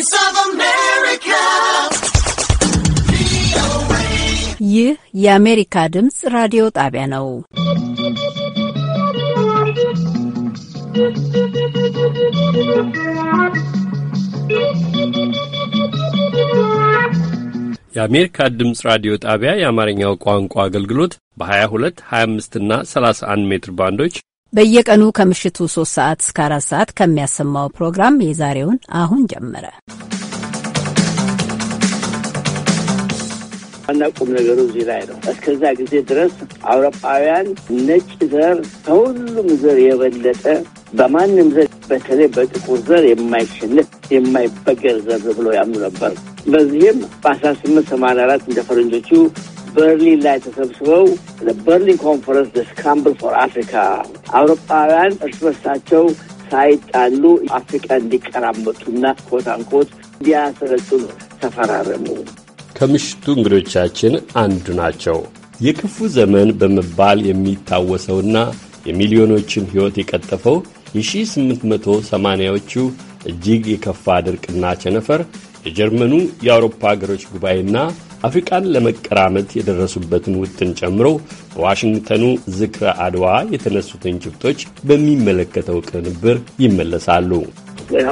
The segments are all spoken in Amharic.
Voice of America. ይህ የአሜሪካ ድምፅ ራዲዮ ጣቢያ ነው። የአሜሪካ ድምፅ ራዲዮ ጣቢያ የአማርኛው ቋንቋ አገልግሎት በ22፣ 25 እና 31 ሜትር ባንዶች በየቀኑ ከምሽቱ 3 ሰዓት እስከ 4 ሰዓት ከሚያሰማው ፕሮግራም የዛሬውን አሁን ጀመረ። ዋና ቁም ነገሩ እዚህ ላይ ነው። እስከዛ ጊዜ ድረስ አውሮፓውያን ነጭ ዘር ከሁሉም ዘር የበለጠ በማንም ዘር በተለይ በጥቁር ዘር የማይሸነፍ የማይበገር ዘር ብሎ ያምኑ ነበር። በዚህም በ1884 እንደ ፈረንጆቹ በርሊን ላይ ተሰብስበው በርሊን ኮንፈረንስ ስካምብል ፎር አፍሪካ አውሮፓውያን እርስ በርሳቸው ሳይጣሉ አፍሪካ እንዲቀራመጡና ኮታንኮት አንኮት እንዲያሰለጥኑ ተፈራረሙ። ከምሽቱ እንግዶቻችን አንዱ ናቸው። የክፉ ዘመን በመባል የሚታወሰውና የሚሊዮኖችን ሕይወት የቀጠፈው የ1880ዎቹ እጅግ የከፋ ድርቅና ቸነፈር የጀርመኑ የአውሮፓ ሀገሮች ጉባኤና አፍሪቃን ለመቀራመት የደረሱበትን ውጥን ጨምሮ በዋሽንግተኑ ዝክረ አድዋ የተነሱትን ጭብጦች በሚመለከተው ቅንብር ይመለሳሉ።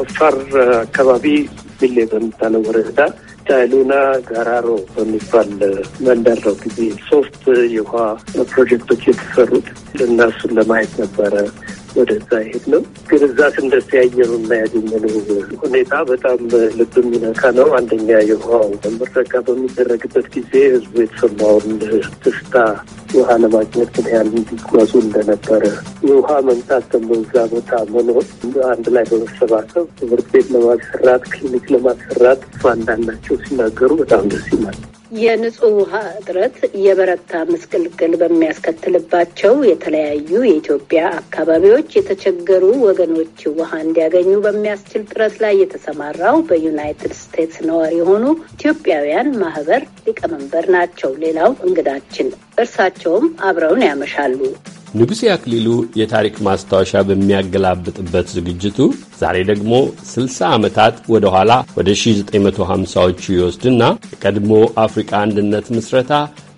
አፋር አካባቢ ቢሌ በምታለው ወረዳ ዳይሉና ጋራሮ በሚባል መንደር ነው ጊዜ ሶስት የውሃ ፕሮጀክቶች የተሰሩት እና እሱን ለማየት ነበረ ወደዛ ይሄድ ነው። ግን እዛ ስንደርሰያየ ነው እና ያገኘነው ሁኔታ በጣም ልብ የሚነካ ነው። አንደኛ የውሃው ምረቃ በሚደረግበት ጊዜ ህዝቡ የተሰማውን ደስታ ውሃ ለማግኘት ምን ያህል እንዲጓዙ እንደነበረ የውሃ መምጣት ደግሞ እዛ ቦታ መኖር አንድ ላይ በመሰባሰብ ትምህርት ቤት ለማሰራት፣ ክሊኒክ ለማሰራት ፋንዳናቸው ሲናገሩ በጣም ደስ ይላል። የንጹህ ውሃ እጥረት የበረታ ምስቅልቅል በሚያስከትልባቸው የተለያዩ የኢትዮጵያ አካባቢዎች የተቸገሩ ወገኖች ውሃ እንዲያገኙ በሚያስችል ጥረት ላይ የተሰማራው በዩናይትድ ስቴትስ ነዋሪ የሆኑ ኢትዮጵያውያን ማህበር ሊቀመንበር ናቸው። ሌላው እንግዳችን እርሳቸውም አብረውን ያመሻሉ። ንጉሴ አክሊሉ የታሪክ ማስታወሻ በሚያገላብጥበት ዝግጅቱ ዛሬ ደግሞ 60 ዓመታት ወደ ኋላ ወደ 1950ዎቹ ይወስድና የቀድሞ አፍሪቃ አንድነት ምስረታ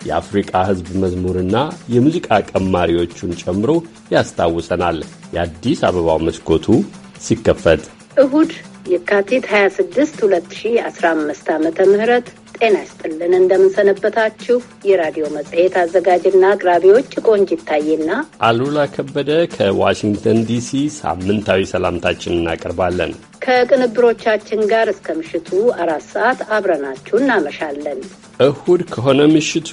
የአፍሪቃ ሕዝብ መዝሙርና የሙዚቃ ቀማሪዎቹን ጨምሮ ያስታውሰናል። የአዲስ አበባው መስኮቱ ሲከፈት እሁድ የካቲት 26 2015 ዓ ም ጤና ይስጥልን። እንደምንሰነበታችሁ። የራዲዮ መጽሔት አዘጋጅና አቅራቢዎች ቆንጅ ይታይና አሉላ ከበደ ከዋሽንግተን ዲሲ ሳምንታዊ ሰላምታችን እናቀርባለን። ከቅንብሮቻችን ጋር እስከ ምሽቱ አራት ሰዓት አብረናችሁ እናመሻለን። እሁድ ከሆነ ምሽቱ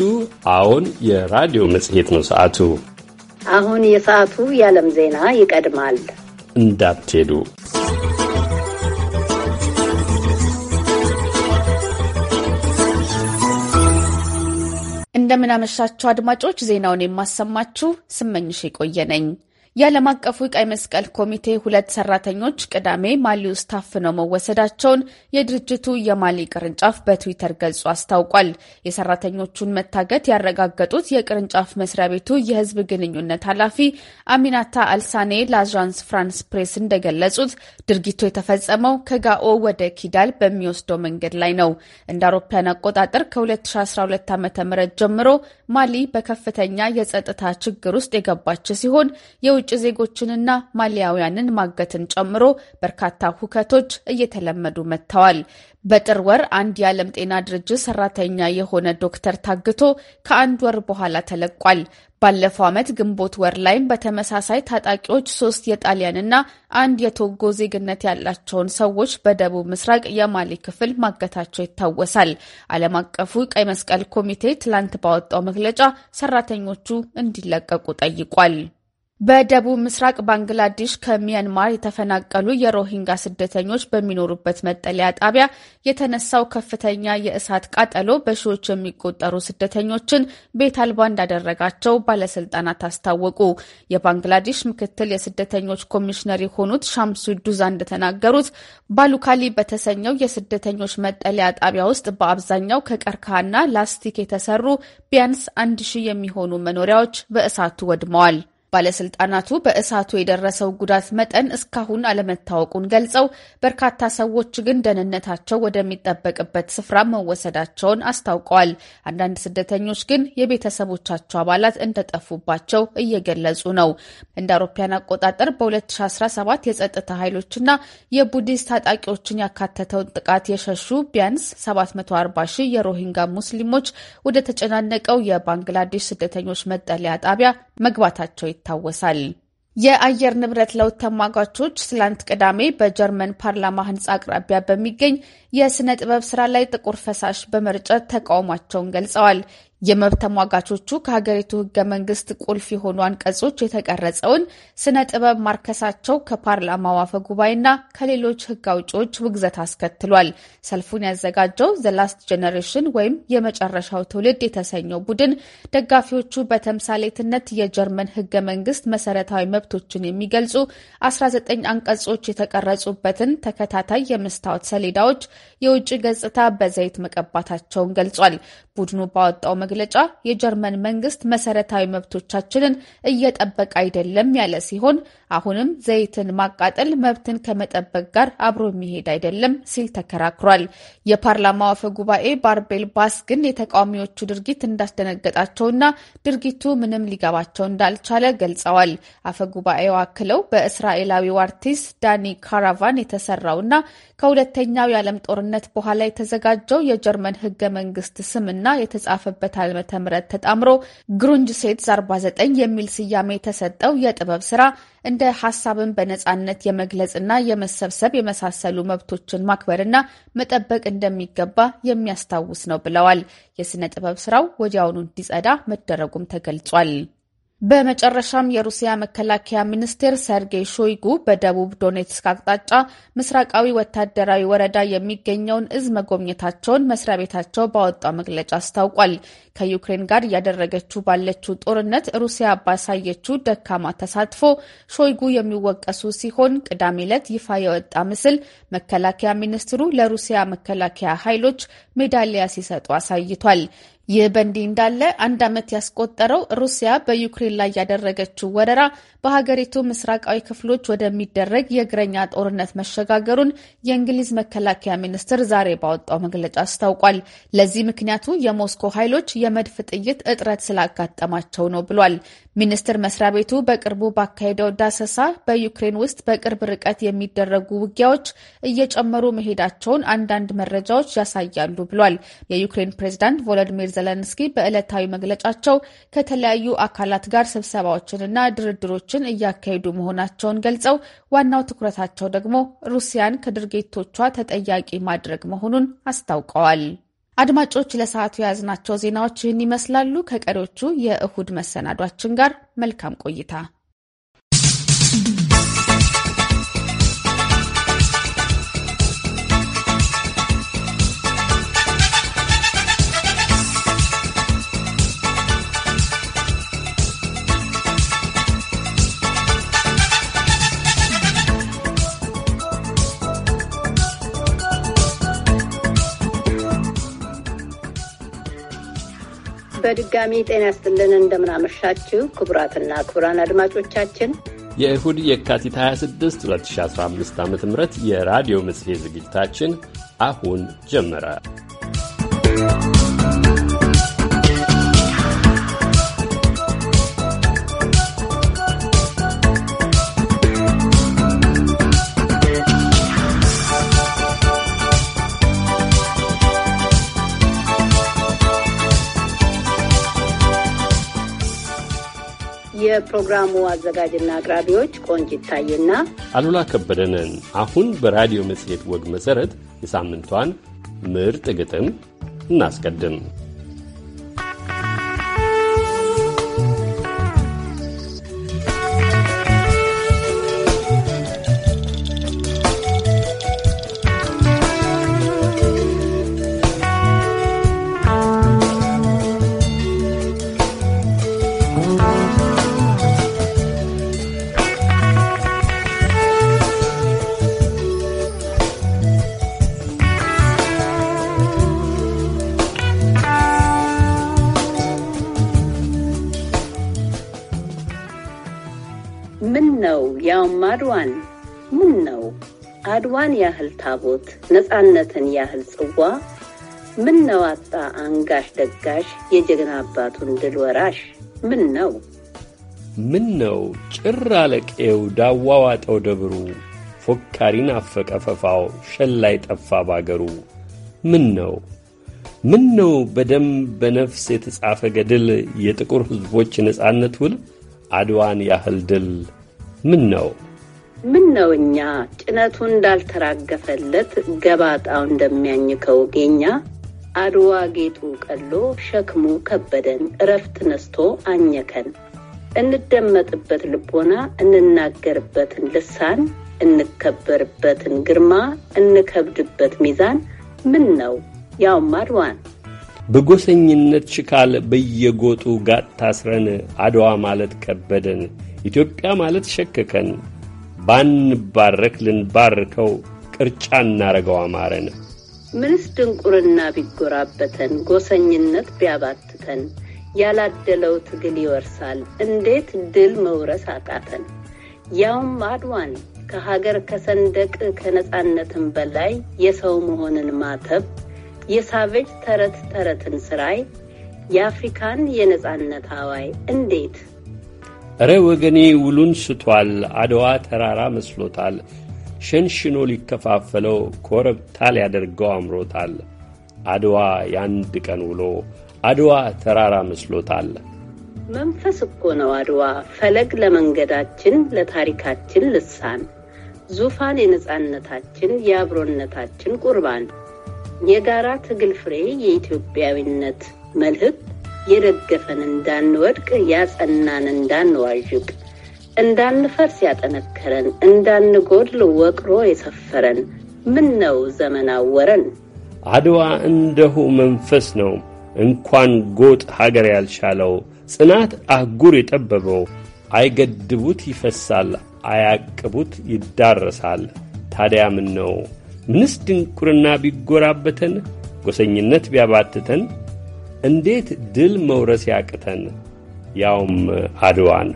አዎን፣ የራዲዮ መጽሔት ነው ሰዓቱ። አሁን የሰዓቱ የዓለም ዜና ይቀድማል። እንዳትሄዱ እንደምናመሻችሁ አድማጮች፣ ዜናውን የማሰማችሁ ስመኝሽ የቆየ ነኝ። የዓለም አቀፉ ቀይ መስቀል ኮሚቴ ሁለት ሰራተኞች ቅዳሜ ማሊ ውስጥ ታፍነው መወሰዳቸውን የድርጅቱ የማሊ ቅርንጫፍ በትዊተር ገጹ አስታውቋል። የሰራተኞቹን መታገት ያረጋገጡት የቅርንጫፍ መስሪያ ቤቱ የሕዝብ ግንኙነት ኃላፊ አሚናታ አልሳኔ ለአዣንስ ፍራንስ ፕሬስ እንደገለጹት ድርጊቱ የተፈጸመው ከጋኦ ወደ ኪዳል በሚወስደው መንገድ ላይ ነው። እንደ አውሮፓያን አቆጣጠር ከ2012 ዓ ም ጀምሮ ማሊ በከፍተኛ የጸጥታ ችግር ውስጥ የገባች ሲሆን የውጭ የውጭ ዜጎችንና ማሊያውያንን ማገትን ጨምሮ በርካታ ሁከቶች እየተለመዱ መጥተዋል። በጥር ወር አንድ የዓለም ጤና ድርጅት ሰራተኛ የሆነ ዶክተር ታግቶ ከአንድ ወር በኋላ ተለቋል። ባለፈው ዓመት ግንቦት ወር ላይም በተመሳሳይ ታጣቂዎች ሶስት የጣሊያንና አንድ የቶጎ ዜግነት ያላቸውን ሰዎች በደቡብ ምስራቅ የማሊ ክፍል ማገታቸው ይታወሳል። ዓለም አቀፉ ቀይ መስቀል ኮሚቴ ትላንት ባወጣው መግለጫ ሰራተኞቹ እንዲለቀቁ ጠይቋል። በደቡብ ምስራቅ ባንግላዴሽ ከሚያንማር የተፈናቀሉ የሮሂንጋ ስደተኞች በሚኖሩበት መጠለያ ጣቢያ የተነሳው ከፍተኛ የእሳት ቃጠሎ በሺዎች የሚቆጠሩ ስደተኞችን ቤት አልባ እንዳደረጋቸው ባለስልጣናት አስታወቁ። የባንግላዴሽ ምክትል የስደተኞች ኮሚሽነር የሆኑት ሻምሱ ዱዛ እንደተናገሩት ባሉካሊ በተሰኘው የስደተኞች መጠለያ ጣቢያ ውስጥ በአብዛኛው ከቀርከሃና ላስቲክ የተሰሩ ቢያንስ አንድ ሺህ የሚሆኑ መኖሪያዎች በእሳቱ ወድመዋል። ባለስልጣናቱ በእሳቱ የደረሰው ጉዳት መጠን እስካሁን አለመታወቁን ገልጸው በርካታ ሰዎች ግን ደህንነታቸው ወደሚጠበቅበት ስፍራ መወሰዳቸውን አስታውቀዋል። አንዳንድ ስደተኞች ግን የቤተሰቦቻቸው አባላት እንደጠፉባቸው እየገለጹ ነው። እንደ አውሮፓውያን አቆጣጠር በ2017 የጸጥታ ኃይሎችና የቡዲስት ታጣቂዎችን ያካተተውን ጥቃት የሸሹ ቢያንስ 740 ሺህ የሮሂንጋ ሙስሊሞች ወደ ተጨናነቀው የባንግላዴሽ ስደተኞች መጠለያ ጣቢያ መግባታቸው ይታወሳል። የአየር ንብረት ለውጥ ተሟጋቾች ትላንት ቅዳሜ በጀርመን ፓርላማ ህንፃ አቅራቢያ በሚገኝ የሥነ ጥበብ ሥራ ላይ ጥቁር ፈሳሽ በመርጨት ተቃውሟቸውን ገልጸዋል። የመብት ተሟጋቾቹ ከሀገሪቱ ሕገ መንግስት ቁልፍ የሆኑ አንቀጾች የተቀረጸውን ስነ ጥበብ ማርከሳቸው ከፓርላማው አፈ ጉባኤና ከሌሎች ሕግ አውጪዎች ውግዘት አስከትሏል። ሰልፉን ያዘጋጀው ዘላስት ጄኔሬሽን ወይም የመጨረሻው ትውልድ የተሰኘው ቡድን ደጋፊዎቹ በተምሳሌትነት የጀርመን ሕገ መንግስት መሰረታዊ መብቶችን የሚገልጹ 19 አንቀጾች የተቀረጹበትን ተከታታይ የመስታወት ሰሌዳዎች የውጭ ገጽታ በዘይት መቀባታቸውን ገልጿል። ቡድኑ ባወጣው መግለጫ የጀርመን መንግስት መሰረታዊ መብቶቻችንን እየጠበቀ አይደለም ያለ ሲሆን አሁንም ዘይትን ማቃጠል መብትን ከመጠበቅ ጋር አብሮ የሚሄድ አይደለም ሲል ተከራክሯል። የፓርላማው አፈ ጉባኤ ባርቤል ባስ ግን የተቃዋሚዎቹ ድርጊት እንዳስደነገጣቸውና ድርጊቱ ምንም ሊገባቸው እንዳልቻለ ገልጸዋል። አፈ ጉባኤው አክለው በእስራኤላዊው አርቲስት ዳኒ ካራቫን የተሰራውና ከሁለተኛው የዓለም ጦርነት በኋላ የተዘጋጀው የጀርመን ህገ መንግስት ስምና እና የተጻፈበት ዓመተ ምህረት ተጣምሮ ግሩንጅ ሴትስ 49 የሚል ስያሜ የተሰጠው የጥበብ ስራ እንደ ሀሳብን በነጻነት የመግለጽና የመሰብሰብ የመሳሰሉ መብቶችን ማክበርና መጠበቅ እንደሚገባ የሚያስታውስ ነው ብለዋል። የስነ ጥበብ ስራው ወዲያውኑ እንዲጸዳ መደረጉም ተገልጿል። በመጨረሻም የሩሲያ መከላከያ ሚኒስቴር ሰርጌይ ሾይጉ በደቡብ ዶኔትስክ አቅጣጫ ምስራቃዊ ወታደራዊ ወረዳ የሚገኘውን እዝ መጎብኘታቸውን መስሪያ ቤታቸው ባወጣው መግለጫ አስታውቋል። ከዩክሬን ጋር እያደረገችው ባለችው ጦርነት ሩሲያ ባሳየችው ደካማ ተሳትፎ ሾይጉ የሚወቀሱ ሲሆን ቅዳሜ ዕለት ይፋ የወጣ ምስል መከላከያ ሚኒስትሩ ለሩሲያ መከላከያ ኃይሎች ሜዳሊያ ሲሰጡ አሳይቷል። ይህ በእንዲህ እንዳለ አንድ ዓመት ያስቆጠረው ሩሲያ በዩክሬን ላይ ያደረገችው ወረራ በሀገሪቱ ምስራቃዊ ክፍሎች ወደሚደረግ የእግረኛ ጦርነት መሸጋገሩን የእንግሊዝ መከላከያ ሚኒስትር ዛሬ ባወጣው መግለጫ አስታውቋል። ለዚህ ምክንያቱ የሞስኮ ኃይሎች የመድፍ ጥይት እጥረት ስላጋጠማቸው ነው ብሏል። ሚኒስቴር መስሪያ ቤቱ በቅርቡ ባካሄደው ዳሰሳ በዩክሬን ውስጥ በቅርብ ርቀት የሚደረጉ ውጊያዎች እየጨመሩ መሄዳቸውን አንዳንድ መረጃዎች ያሳያሉ ብሏል። የዩክሬን ፕሬዚዳንት ቮሎዲሚር ዘለንስኪ በዕለታዊ መግለጫቸው ከተለያዩ አካላት ጋር ስብሰባዎችንና ድርድሮችን እያካሄዱ መሆናቸውን ገልጸው ዋናው ትኩረታቸው ደግሞ ሩሲያን ከድርጊቶቿ ተጠያቂ ማድረግ መሆኑን አስታውቀዋል። አድማጮች፣ ለሰዓቱ የያዝናቸው ዜናዎች ይህን ይመስላሉ። ከቀሪዎቹ የእሁድ መሰናዷችን ጋር መልካም ቆይታ በድጋሚ ጤና ስትልን እንደምናመሻችው ክቡራትና ክቡራን አድማጮቻችን የእሁድ የካቲት 26 2015 ዓ ም የራዲዮ መጽሔት ዝግጅታችን አሁን ጀመረ። የፕሮግራሙ አዘጋጅና አቅራቢዎች ቆንጅ ይታይና አሉላ ከበደንን። አሁን በራዲዮ መጽሔት ወግ መሠረት የሳምንቷን ምርጥ ግጥም እናስቀድም። ተስፋን ያህል ታቦት ነፃነትን ያህል ጽዋ ምን ነው አጣ አንጋሽ ደጋሽ የጀግና አባቱን ድል ወራሽ ምን ነው ምን ነው ጭር አለቄው ዳዋዋጠው ደብሩ ፎካሪን አፈቀ ፈፋው ሸላይ ጠፋ ባገሩ ምን ነው ምን ነው በደም በነፍስ የተጻፈ ገድል የጥቁር ሕዝቦች ነፃነት ውል አድዋን ያህል ድል ምን ነው ምን ነው እኛ ጭነቱ እንዳልተራገፈለት ገባጣው እንደሚያኝከው ጌኛ አድዋ ጌጡ ቀሎ ሸክሙ ከበደን እረፍት ነስቶ አኘከን እንደመጥበት ልቦና እንናገርበትን ልሳን እንከበርበትን ግርማ እንከብድበት ሚዛን ምን ነው ያውም አድዋን በጎሰኝነት ሽካል በየጎጡ ጋጥ ታስረን አድዋ ማለት ከበደን ኢትዮጵያ ማለት ሸከከን ባንባረክ ልንባርከው ቅርጫ እናረገው አማረን። ምንስ ድንቁርና ቢጎራበተን፣ ጎሰኝነት ቢያባትተን፣ ያላደለው ትግል ይወርሳል እንዴት ድል መውረስ አቃተን? ያውም አድዋን ከሀገር ከሰንደቅ ከነፃነትም በላይ የሰው መሆንን ማተብ የሳቬጅ ተረት ተረትን ስራይ የአፍሪካን የነፃነት አዋይ እንዴት እረ ወገኔ ውሉን ስቷል፣ አድዋ ተራራ መስሎታል፣ ሸንሽኖ ሊከፋፈለው ኮረብታ ሊያደርገው አምሮታል። አድዋ የአንድ ቀን ውሎ አድዋ ተራራ መስሎታል። መንፈስ እኮ ነው አድዋ ፈለግ ለመንገዳችን ለታሪካችን ልሳን ዙፋን የነጻነታችን የአብሮነታችን ቁርባን የጋራ ትግል ፍሬ የኢትዮጵያዊነት መልህቅ የደገፈን እንዳንወድቅ፣ ያጸናን እንዳንዋዥቅ፣ እንዳንፈርስ ያጠነከረን፣ እንዳንጎድል ወቅሮ የሰፈረን ምን ነው ዘመን አወረን። አድዋ እንደሁ መንፈስ ነው እንኳን ጎጥ ሀገር ያልሻለው ጽናት አህጉር የጠበበው አይገድቡት ይፈሳል፣ አያቅቡት ይዳረሳል። ታዲያ ምን ነው ምንስ ድንቁርና ቢጎራበተን፣ ጎሰኝነት ቢያባትተን እንዴት ድል መውረስ ያቅተን ያውም አድዋን?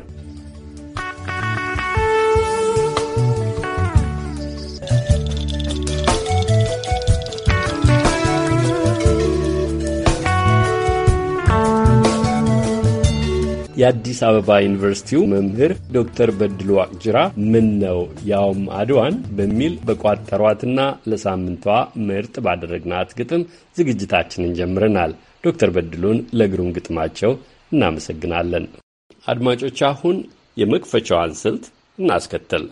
የአዲስ አበባ ዩኒቨርሲቲው መምህር ዶክተር በድሉ አቅጅራ ምን ነው ያውም አድዋን በሚል በቋጠሯትና ለሳምንቷ ምርጥ ባደረግናት ግጥም ዝግጅታችንን ጀምረናል። ዶክተር በድሉን ለግሩም ግጥማቸው እናመሰግናለን። አድማጮች አሁን የመክፈቻዋን ስልት እናስከተል።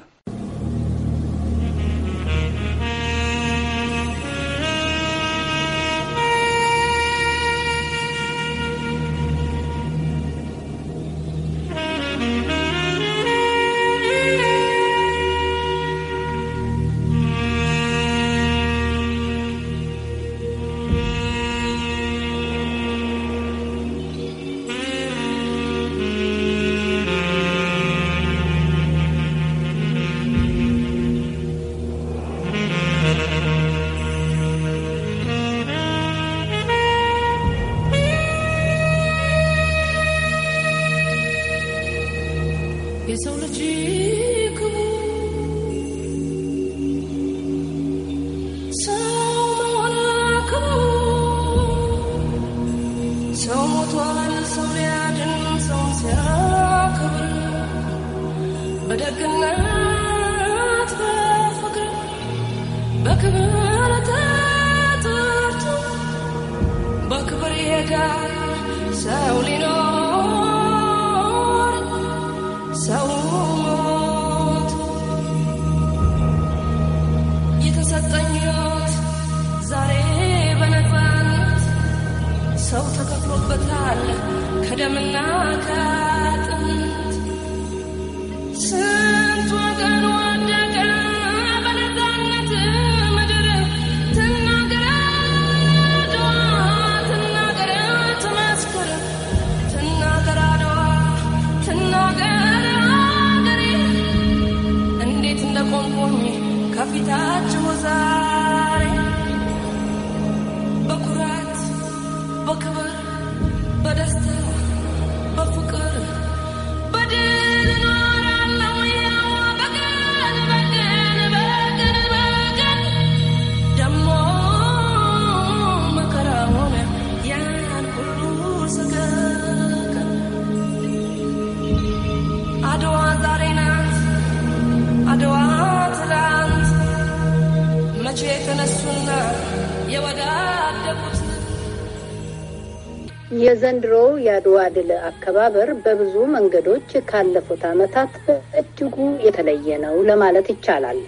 የዘንድሮው የአድዋ ድል አከባበር በብዙ መንገዶች ካለፉት ዓመታት በእጅጉ የተለየ ነው ለማለት ይቻላል።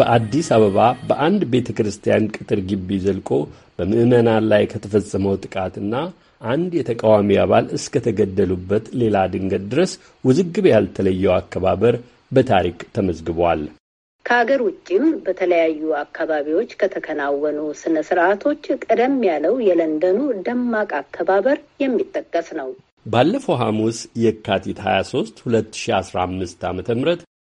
በአዲስ አበባ በአንድ ቤተ ክርስቲያን ቅጥር ግቢ ዘልቆ በምዕመናን ላይ ከተፈጸመው ጥቃትና አንድ የተቃዋሚ አባል እስከተገደሉበት ሌላ ድንገት ድረስ ውዝግብ ያልተለየው አከባበር በታሪክ ተመዝግቧል። ከሀገር ውጭም በተለያዩ አካባቢዎች ከተከናወኑ ስነ ስርዓቶች ቀደም ያለው የለንደኑ ደማቅ አከባበር የሚጠቀስ ነው። ባለፈው ሐሙስ የካቲት 23 2015 ዓ ም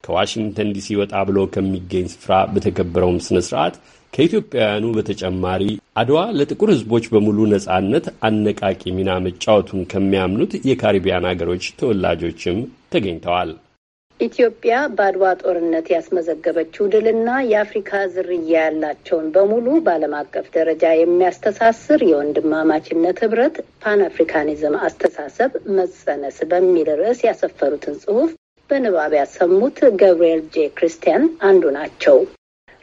ከዋሽንግተን ዲሲ ወጣ ብሎ ከሚገኝ ስፍራ በተከበረውም ስነ ስርዓት ከኢትዮጵያውያኑ በተጨማሪ አድዋ ለጥቁር ሕዝቦች በሙሉ ነጻነት አነቃቂ ሚና መጫወቱን ከሚያምኑት የካሪቢያን አገሮች ተወላጆችም ተገኝተዋል። ኢትዮጵያ በአድዋ ጦርነት ያስመዘገበችው ድልና የአፍሪካ ዝርያ ያላቸውን በሙሉ በዓለም አቀፍ ደረጃ የሚያስተሳስር የወንድማማችነት ህብረት ፓን አፍሪካኒዝም አስተሳሰብ መጸነስ በሚል ርዕስ ያሰፈሩትን ጽሁፍ በንባብ ያሰሙት ገብርኤል ጄ ክርስቲያን አንዱ ናቸው።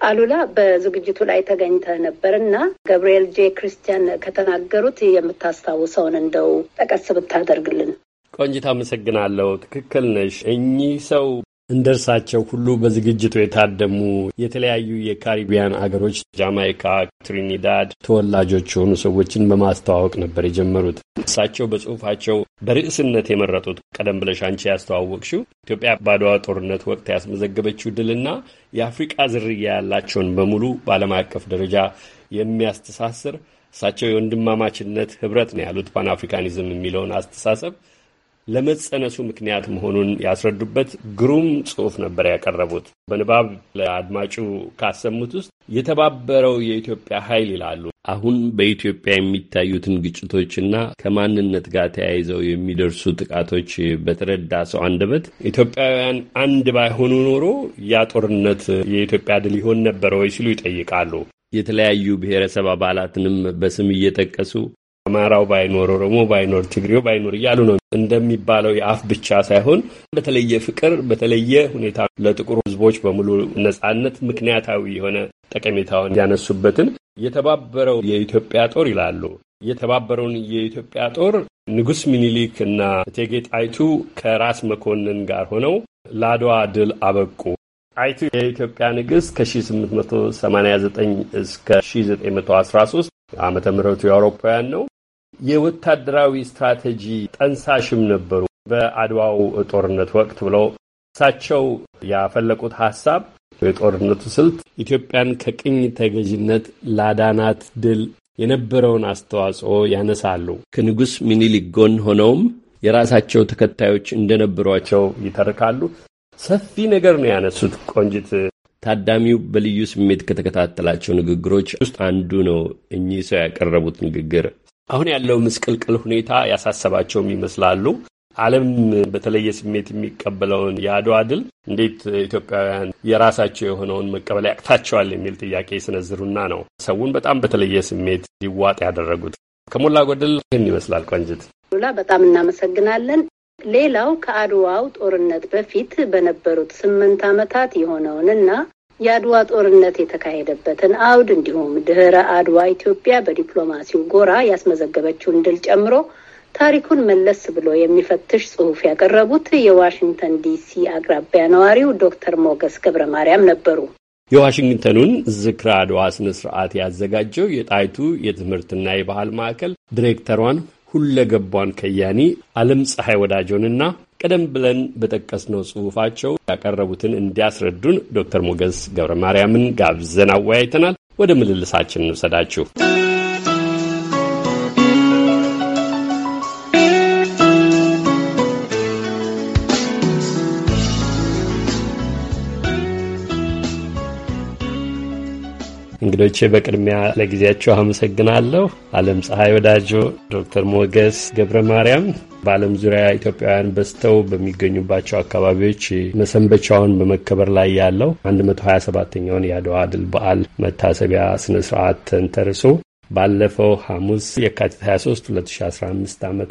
አሉላ በዝግጅቱ ላይ ተገኝተ ነበር እና ገብርኤል ጄ ክርስቲያን ከተናገሩት የምታስታውሰውን እንደው ጠቀስ ብታደርግልን። ቆንጅት፣ አመሰግናለሁ። ትክክል ነሽ። እኚህ ሰው እንደ እርሳቸው ሁሉ በዝግጅቱ የታደሙ የተለያዩ የካሪቢያን አገሮች ጃማይካ፣ ትሪኒዳድ ተወላጆች የሆኑ ሰዎችን በማስተዋወቅ ነበር የጀመሩት። እሳቸው በጽሁፋቸው በርዕስነት የመረጡት ቀደም ብለሽ አንቺ ያስተዋወቅሽው ኢትዮጵያ በአድዋ ጦርነት ወቅት ያስመዘገበችው ድልና የአፍሪቃ ዝርያ ያላቸውን በሙሉ በዓለም አቀፍ ደረጃ የሚያስተሳስር እሳቸው የወንድማማችነት ህብረት ነው ያሉት ፓን አፍሪካኒዝም የሚለውን አስተሳሰብ ለመጸነሱ ምክንያት መሆኑን ያስረዱበት ግሩም ጽሑፍ ነበር ያቀረቡት። በንባብ ለአድማጩ ካሰሙት ውስጥ የተባበረው የኢትዮጵያ ኃይል ይላሉ። አሁን በኢትዮጵያ የሚታዩትን ግጭቶችና ከማንነት ጋር ተያይዘው የሚደርሱ ጥቃቶች በተረዳ ሰው አንደበት ኢትዮጵያውያን አንድ ባይሆኑ ኖሮ ያ ጦርነት የኢትዮጵያ ድል ይሆን ነበረ ወይ ሲሉ ይጠይቃሉ። የተለያዩ ብሔረሰብ አባላትንም በስም እየጠቀሱ አማራው ባይኖር፣ ኦሮሞ ባይኖር፣ ትግሬው ባይኖር እያሉ ነው እንደሚባለው የአፍ ብቻ ሳይሆን በተለየ ፍቅር በተለየ ሁኔታ ለጥቁሩ ህዝቦች በሙሉ ነጻነት ምክንያታዊ የሆነ ጠቀሜታውን ያነሱበትን የተባበረው የኢትዮጵያ ጦር ይላሉ። የተባበረውን የኢትዮጵያ ጦር ንጉሥ ሚኒሊክ እና እቴጌ ጣይቱ ከራስ መኮንን ጋር ሆነው ለአድዋ ድል አበቁ። ጣይቱ የኢትዮጵያ ንግሥት ከ1889 እስከ 1913 ዓመተ ምሕረቱ የአውሮፓውያን ነው። የወታደራዊ ስትራቴጂ ጠንሳሽም ነበሩ በአድዋው ጦርነት ወቅት ብለው እሳቸው ያፈለቁት ሀሳብ የጦርነቱ ስልት ኢትዮጵያን ከቅኝ ተገዥነት ላዳናት ድል የነበረውን አስተዋጽኦ ያነሳሉ። ከንጉሥ ሚኒሊክ ጎን ሆነውም የራሳቸው ተከታዮች እንደነበሯቸው ይተርካሉ። ሰፊ ነገር ነው ያነሱት። ቆንጅት ታዳሚው በልዩ ስሜት ከተከታተላቸው ንግግሮች ውስጥ አንዱ ነው እኚህ ሰው ያቀረቡት ንግግር። አሁን ያለው ምስቅልቅል ሁኔታ ያሳሰባቸውም ይመስላሉ። ዓለም በተለየ ስሜት የሚቀበለውን የአድዋ ድል እንዴት ኢትዮጵያውያን የራሳቸው የሆነውን መቀበል ያቅታቸዋል የሚል ጥያቄ የሰነዝሩና ነው ሰውን በጣም በተለየ ስሜት ሊዋጥ ያደረጉት። ከሞላ ጎደል ይህን ይመስላል። ቆንጅት ሉላ፣ በጣም እናመሰግናለን። ሌላው ከአድዋው ጦርነት በፊት በነበሩት ስምንት ዓመታት የሆነውንና የአድዋ ጦርነት የተካሄደበትን አውድ እንዲሁም ድህረ አድዋ ኢትዮጵያ በዲፕሎማሲው ጎራ ያስመዘገበችውን ድል ጨምሮ ታሪኩን መለስ ብሎ የሚፈትሽ ጽሑፍ ያቀረቡት የዋሽንግተን ዲሲ አቅራቢያ ነዋሪው ዶክተር ሞገስ ገብረ ማርያም ነበሩ። የዋሽንግተኑን ዝክረ አድዋ ስነ ስርዓት ያዘጋጀው የጣይቱ የትምህርትና የባህል ማዕከል ዲሬክተሯን ሁለገቧን ከያኒ ዓለም ፀሐይ ወዳጆንና ቀደም ብለን በጠቀስነው ጽሑፋቸው ያቀረቡትን እንዲያስረዱን ዶክተር ሞገስ ገብረ ማርያምን ጋብዘን አወያይተናል። ወደ ምልልሳችን እንውሰዳችሁ። እንግዶቼ በቅድሚያ ለጊዜያቸው አመሰግናለሁ። አለም ፀሐይ ወዳጆ፣ ዶክተር ሞገስ ገብረ ማርያም በዓለም ዙሪያ ኢትዮጵያውያን በዝተው በሚገኙባቸው አካባቢዎች መሰንበቻውን በመከበር ላይ ያለው 127ኛውን የአድዋ ድል በዓል መታሰቢያ ስነ ስርዓት ተንተርሶ ባለፈው ሐሙስ የካቲት 23 2015 ዓ ም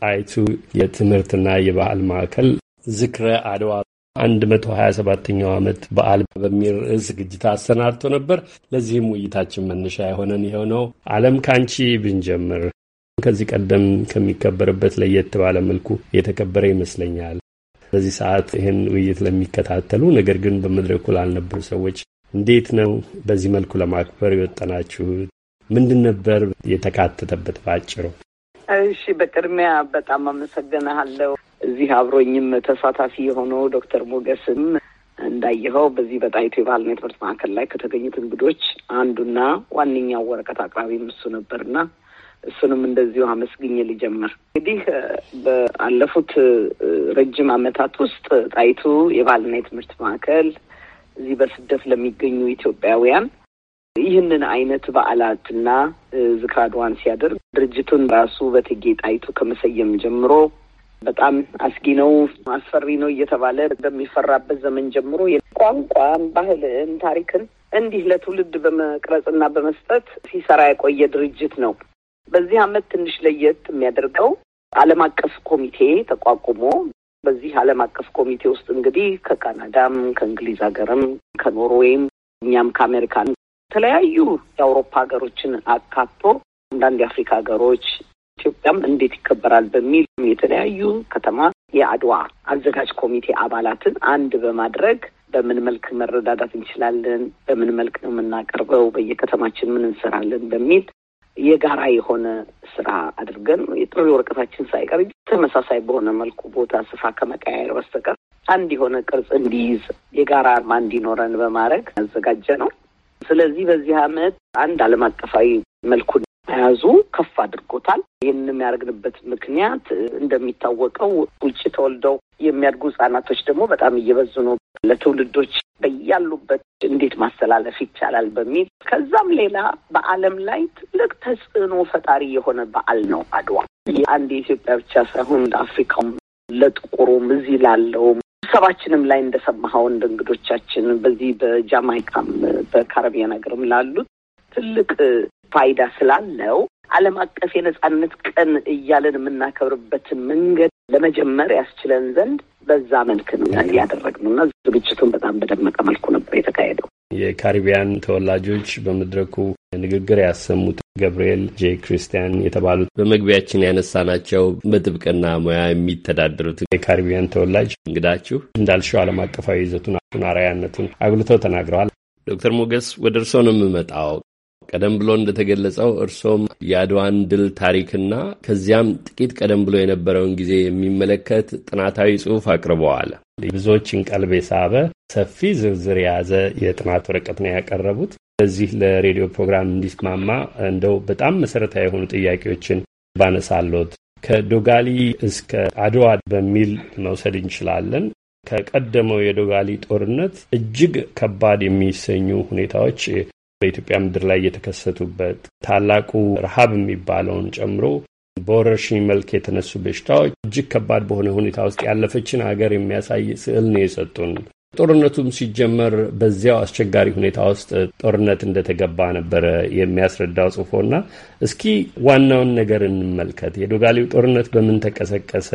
ጣይቱ የትምህርትና የባህል ማዕከል ዝክረ አድዋ አንድ መቶ ሰባተኛው ዓመት በዓል በሚል ርዕስ ዝግጅት አሰናድቶ ነበር። ለዚህም ውይይታችን መነሻ የሆነን የሆነው ዓለም ካንቺ ብንጀምር ከዚህ ቀደም ከሚከበርበት ለየት ባለ መልኩ የተከበረ ይመስለኛል። በዚህ ሰዓት ይህን ውይይት ለሚከታተሉ ነገር ግን በመድረኩ ላልነበሩ ሰዎች እንዴት ነው በዚህ መልኩ ለማክበር የወጠናችሁት? ምንድን ነበር የተካተተበት በአጭሩ? እሺ፣ በቅድሚያ በጣም አመሰግናለሁ እዚህ አብሮኝም ተሳታፊ የሆነው ዶክተር ሞገስም እንዳየኸው በዚህ በጣይቱ የባህልና የትምህርት ማዕከል ላይ ከተገኙት እንግዶች አንዱና ዋነኛው ወረቀት አቅራቢም እሱ ነበርና እሱንም እንደዚሁ አመስግኝ ልጀምር። እንግዲህ በአለፉት ረጅም ዓመታት ውስጥ ጣይቱ የባህልና የትምህርት ማዕከል እዚህ በስደት ለሚገኙ ኢትዮጵያውያን ይህንን አይነት በዓላትና ዝክረ አድዋን ሲያደርግ ድርጅቱን ራሱ በእቴጌ ጣይቱ ከመሰየም ጀምሮ በጣም አስጊ ነው፣ አስፈሪ ነው እየተባለ በሚፈራበት ዘመን ጀምሮ ቋንቋን፣ ባህልን፣ ታሪክን እንዲህ ለትውልድ በመቅረጽና በመስጠት ሲሰራ የቆየ ድርጅት ነው። በዚህ አመት ትንሽ ለየት የሚያደርገው ዓለም አቀፍ ኮሚቴ ተቋቁሞ በዚህ ዓለም አቀፍ ኮሚቴ ውስጥ እንግዲህ ከካናዳም ከእንግሊዝ ሀገርም ከኖርዌይም እኛም ከአሜሪካን የተለያዩ የአውሮፓ ሀገሮችን አካቶ አንዳንድ የአፍሪካ ሀገሮች ኢትዮጵያም እንዴት ይከበራል በሚል የተለያዩ ከተማ የአድዋ አዘጋጅ ኮሚቴ አባላትን አንድ በማድረግ በምን መልክ መረዳዳት እንችላለን፣ በምን መልክ ነው የምናቀርበው፣ በየከተማችን ምን እንሰራለን በሚል የጋራ የሆነ ስራ አድርገን የጥሪ ወረቀታችን ሳይቀር ተመሳሳይ በሆነ መልኩ ቦታ ስፋ ከመቀያየር በስተቀር አንድ የሆነ ቅርጽ እንዲይዝ የጋራ አርማ እንዲኖረን በማድረግ ያዘጋጀ ነው። ስለዚህ በዚህ ዓመት አንድ ዓለም አቀፋዊ መልኩ ። መያዙ ከፍ አድርጎታል። ይህን የሚያደርግንበት ምክንያት እንደሚታወቀው ውጭ ተወልደው የሚያድጉ ህጻናቶች ደግሞ በጣም እየበዙ ነው። ለትውልዶች በያሉበት እንዴት ማስተላለፍ ይቻላል በሚል ከዛም ሌላ በዓለም ላይ ትልቅ ተጽዕኖ ፈጣሪ የሆነ በዓል ነው አድዋ። የአንድ የኢትዮጵያ ብቻ ሳይሆን ለአፍሪካውም፣ ለጥቁሩም፣ እዚህ ላለውም ሰባችንም ላይ እንደሰማኸው እንደ እንግዶቻችን በዚህ በጃማይካም በካረቢያን ሀገርም ላሉት ትልቅ ፋይዳ ስላለው ዓለም አቀፍ የነጻነት ቀን እያለን የምናከብርበትን መንገድ ለመጀመር ያስችለን ዘንድ በዛ መልክ ነው ያደረግነው እና ዝግጅቱን በጣም በደመቀ መልኩ ነበር የተካሄደው። የካሪቢያን ተወላጆች በመድረኩ ንግግር ያሰሙት ገብርኤል ጄ ክርስቲያን የተባሉት በመግቢያችን ያነሳናቸው በጥብቅና ሙያ የሚተዳደሩት የካሪቢያን ተወላጅ እንግዳችሁ እንዳልሽው ዓለም አቀፋዊ ይዘቱን አርአያነቱን አጉልተው ተናግረዋል። ዶክተር ሞገስ ወደ እርስዎ ነው የምመጣው። ቀደም ብሎ እንደተገለጸው እርሶም የአድዋን ድል ታሪክና ከዚያም ጥቂት ቀደም ብሎ የነበረውን ጊዜ የሚመለከት ጥናታዊ ጽሑፍ አቅርበዋል። ብዙዎችን ቀልብ የሳበ ሰፊ ዝርዝር የያዘ የጥናት ወረቀት ነው ያቀረቡት። ለዚህ ለሬዲዮ ፕሮግራም እንዲስማማ እንደው በጣም መሰረታዊ የሆኑ ጥያቄዎችን ባነሳሎት ከዶጋሊ እስከ አድዋ በሚል መውሰድ እንችላለን። ከቀደመው የዶጋሊ ጦርነት እጅግ ከባድ የሚሰኙ ሁኔታዎች በኢትዮጵያ ምድር ላይ የተከሰቱበት ታላቁ ረሃብ የሚባለውን ጨምሮ በወረርሽኝ መልክ የተነሱ በሽታዎች እጅግ ከባድ በሆነ ሁኔታ ውስጥ ያለፈችን ሀገር የሚያሳይ ስዕል ነው የሰጡን። ጦርነቱም ሲጀመር በዚያው አስቸጋሪ ሁኔታ ውስጥ ጦርነት እንደተገባ ነበረ የሚያስረዳው ጽሑፎና፣ እስኪ ዋናውን ነገር እንመልከት። የዶጋሌው ጦርነት በምን ተቀሰቀሰ?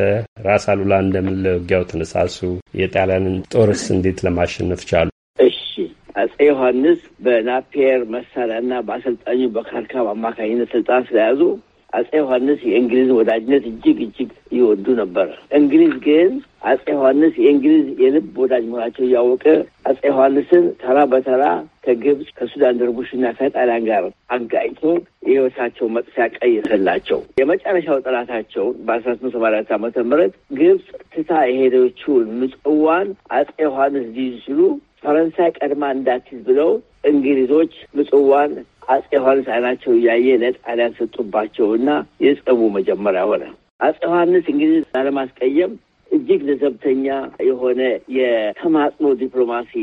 ራስ አሉላ እንደምን ለውጊያው ተነሳሱ? የጣሊያንን ጦርስ እንዴት ለማሸነፍ ቻሉ? አጼ ዮሐንስ በናፒየር መሳሪያና በአሰልጣኙ በካርካብ አማካኝነት ስልጣን ስለያዙ አጼ ዮሐንስ የእንግሊዝ ወዳጅነት እጅግ እጅግ ይወዱ ነበር። እንግሊዝ ግን አጼ ዮሐንስ የእንግሊዝ የልብ ወዳጅ መሆናቸው እያወቀ አጼ ዮሐንስን ተራ በተራ ከግብፅ ከሱዳን ደርቡሽና ከጣሊያን ጋር አጋጭቶ የህይወታቸው መጥፊያ ቀይሰላቸው የመጨረሻው ጠላታቸውን በአስራ ስምንት ሰባ አራት ዓመተ ምህረት ግብፅ ትታ የሄደችውን ምጽዋን አጼ ዮሐንስ ሊይዙ ሲሉ ፈረንሳይ ቀድማ እንዳትይዝ ብለው እንግሊዞች ምጽዋን አጼ ዮሐንስ አይናቸው እያየ ለጣሊያን እና የጸቡ መጀመሪያ ሆነ። አጼ ዮሐንስ እንግሊዝ ላለማስቀየም እጅግ ለዘብተኛ የሆነ የተማጽኖ ዲፕሎማሲ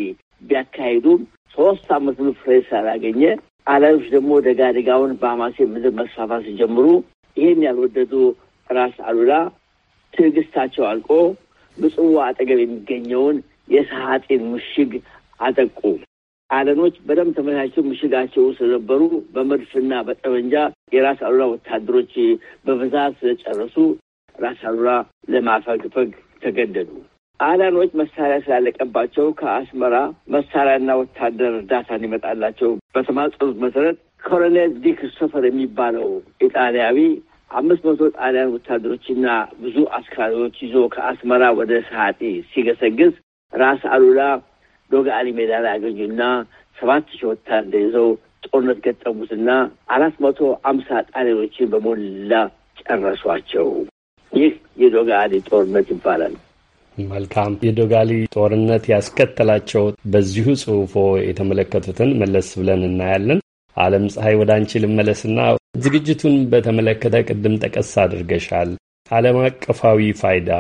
ቢያካሂዱም ሶስት አመት ሙሉ ፍሬ ስላላገኘ ጣሊያኖች ደግሞ ደጋደጋውን በአማሴ ምድር መስፋፋት ሲጀምሩ ይህን ያልወደዱ ራስ አሉላ ትዕግስታቸው አልቆ ምጽዋ አጠገብ የሚገኘውን የሰዓጢን ምሽግ አጠቁ። አለኖች በደንብ ተመቻቸው ምሽጋቸው ስለነበሩ በመድፍና በጠመንጃ የራስ አሉላ ወታደሮች በብዛት ስለጨረሱ ራስ አሉላ ለማፈግፈግ ተገደዱ። አላኖች መሳሪያ ስላለቀባቸው ከአስመራ መሳሪያና ወታደር እርዳታን ይመጣላቸው በተማጸኑት መሰረት ኮሎኔል ዲ ክርስቶፈር የሚባለው ኢጣሊያዊ አምስት መቶ ጣሊያን ወታደሮችና ብዙ አስካሪዎች ይዞ ከአስመራ ወደ ሰዓጢ ሲገሰግስ ራስ አሉላ ዶጋሊ ሜዳ ላይ ያገኙና ሰባት ሺህ ወታደር ይዘው ጦርነት ገጠሙትና አራት መቶ አምሳ ጣሊያኖችን በሞላ ጨረሷቸው። ይህ የዶጋሊ ጦርነት ይባላል። መልካም የዶጋሊ ጦርነት ያስከተላቸው በዚሁ ጽሁፎ የተመለከቱትን መለስ ብለን እናያለን። አለም ፀሐይ ወደ አንቺ ልመለስና ዝግጅቱን በተመለከተ ቅድም ጠቀስ አድርገሻል። ዓለም አቀፋዊ ፋይዳ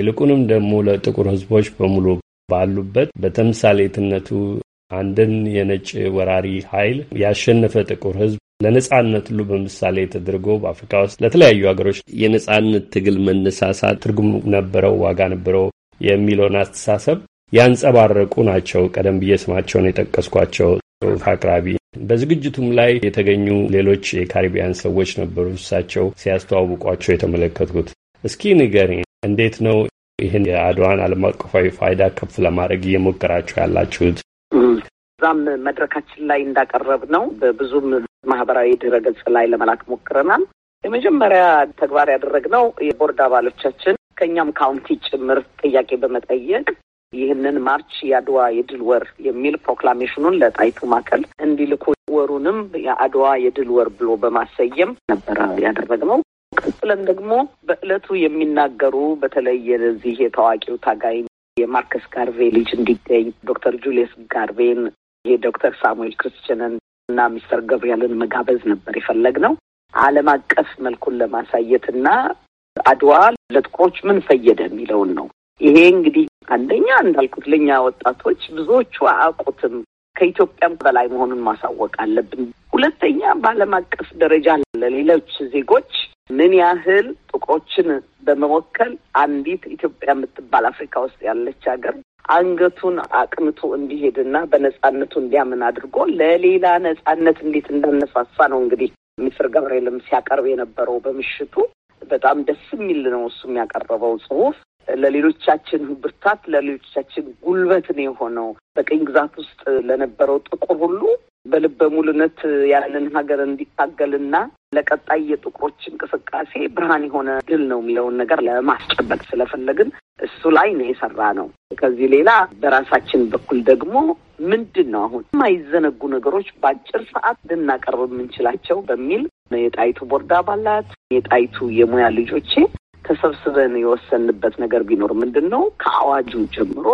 ይልቁንም ደግሞ ለጥቁር ሕዝቦች በሙሉ ባሉበት በተምሳሌትነቱ አንድን የነጭ ወራሪ ኃይል ያሸነፈ ጥቁር ህዝብ ለነጻነት ሁሉ በምሳሌ ተደርጎ በአፍሪካ ውስጥ ለተለያዩ ሀገሮች የነጻነት ትግል መነሳሳት ትርጉም ነበረው፣ ዋጋ ነበረው የሚለውን አስተሳሰብ ያንጸባረቁ ናቸው። ቀደም ብዬ ስማቸውን የጠቀስኳቸው ጽሁፍ አቅራቢ። በዝግጅቱም ላይ የተገኙ ሌሎች የካሪቢያን ሰዎች ነበሩ፣ እሳቸው ሲያስተዋውቋቸው የተመለከትኩት። እስኪ ንገሪ እንዴት ነው ይህን የአድዋን ዓለም አቀፋዊ ፋይዳ ከፍ ለማድረግ እየሞከራችሁ ያላችሁት እዛም መድረካችን ላይ እንዳቀረብ ነው። በብዙም ማህበራዊ ድረገጽ ላይ ለመላክ ሞክረናል። የመጀመሪያ ተግባር ያደረግነው የቦርድ አባሎቻችን ከእኛም ካውንቲ ጭምር ጥያቄ በመጠየቅ ይህንን ማርች የአድዋ የድል ወር የሚል ፕሮክላሜሽኑን ለጣይቱ ማዕከል እንዲልኩ ወሩንም የአድዋ የድል ወር ብሎ በማሰየም ነበረ ያደረግነው። ቀጥለን ደግሞ በእለቱ የሚናገሩ በተለይ የዚህ የታዋቂው ታጋይ የማርከስ ጋርቬ ልጅ እንዲገኝ ዶክተር ጁልየስ ጋርቬን የዶክተር ሳሙኤል ክርስቲያንን እና ሚስተር ገብርኤልን መጋበዝ ነበር የፈለግ ነው አለም አቀፍ መልኩን ለማሳየት እና አድዋ ለጥቁሮች ምን ፈየደ የሚለውን ነው። ይሄ እንግዲህ አንደኛ እንዳልኩት ለእኛ ወጣቶች ብዙዎቹ አያውቁትም። ከኢትዮጵያም በላይ መሆኑን ማሳወቅ አለብን። ሁለተኛ በአለም አቀፍ ደረጃ ለሌሎች ዜጎች ምን ያህል ጥቁሮችን በመወከል አንዲት ኢትዮጵያ የምትባል አፍሪካ ውስጥ ያለች ሀገር አንገቱን አቅንቶ እንዲሄድና በነጻነቱ እንዲያምን አድርጎ ለሌላ ነጻነት እንዴት እንዳነሳሳ ነው እንግዲህ ሚስትር ገብርኤልም ሲያቀርብ የነበረው በምሽቱ በጣም ደስ የሚል ነው። እሱ የሚያቀረበው ጽሁፍ ለሌሎቻችን ብርታት፣ ለሌሎቻችን ጉልበት የሆነው። በቅኝ ግዛት ውስጥ ለነበረው ጥቁር ሁሉ በልበ ሙሉነት ያንን ሀገር እንዲታገልና ለቀጣይ የጥቁሮች እንቅስቃሴ ብርሃን የሆነ ድል ነው የሚለውን ነገር ለማስጨበቅ ስለፈለግን እሱ ላይ ነው የሰራ ነው። ከዚህ ሌላ በራሳችን በኩል ደግሞ ምንድን ነው አሁን የማይዘነጉ ነገሮች በአጭር ሰዓት ልናቀርብ የምንችላቸው በሚል የጣይቱ ቦርድ አባላት የጣይቱ የሙያ ልጆቼ ተሰብስበን የወሰንበት ነገር ቢኖር ምንድን ነው ከአዋጁ ጀምሮ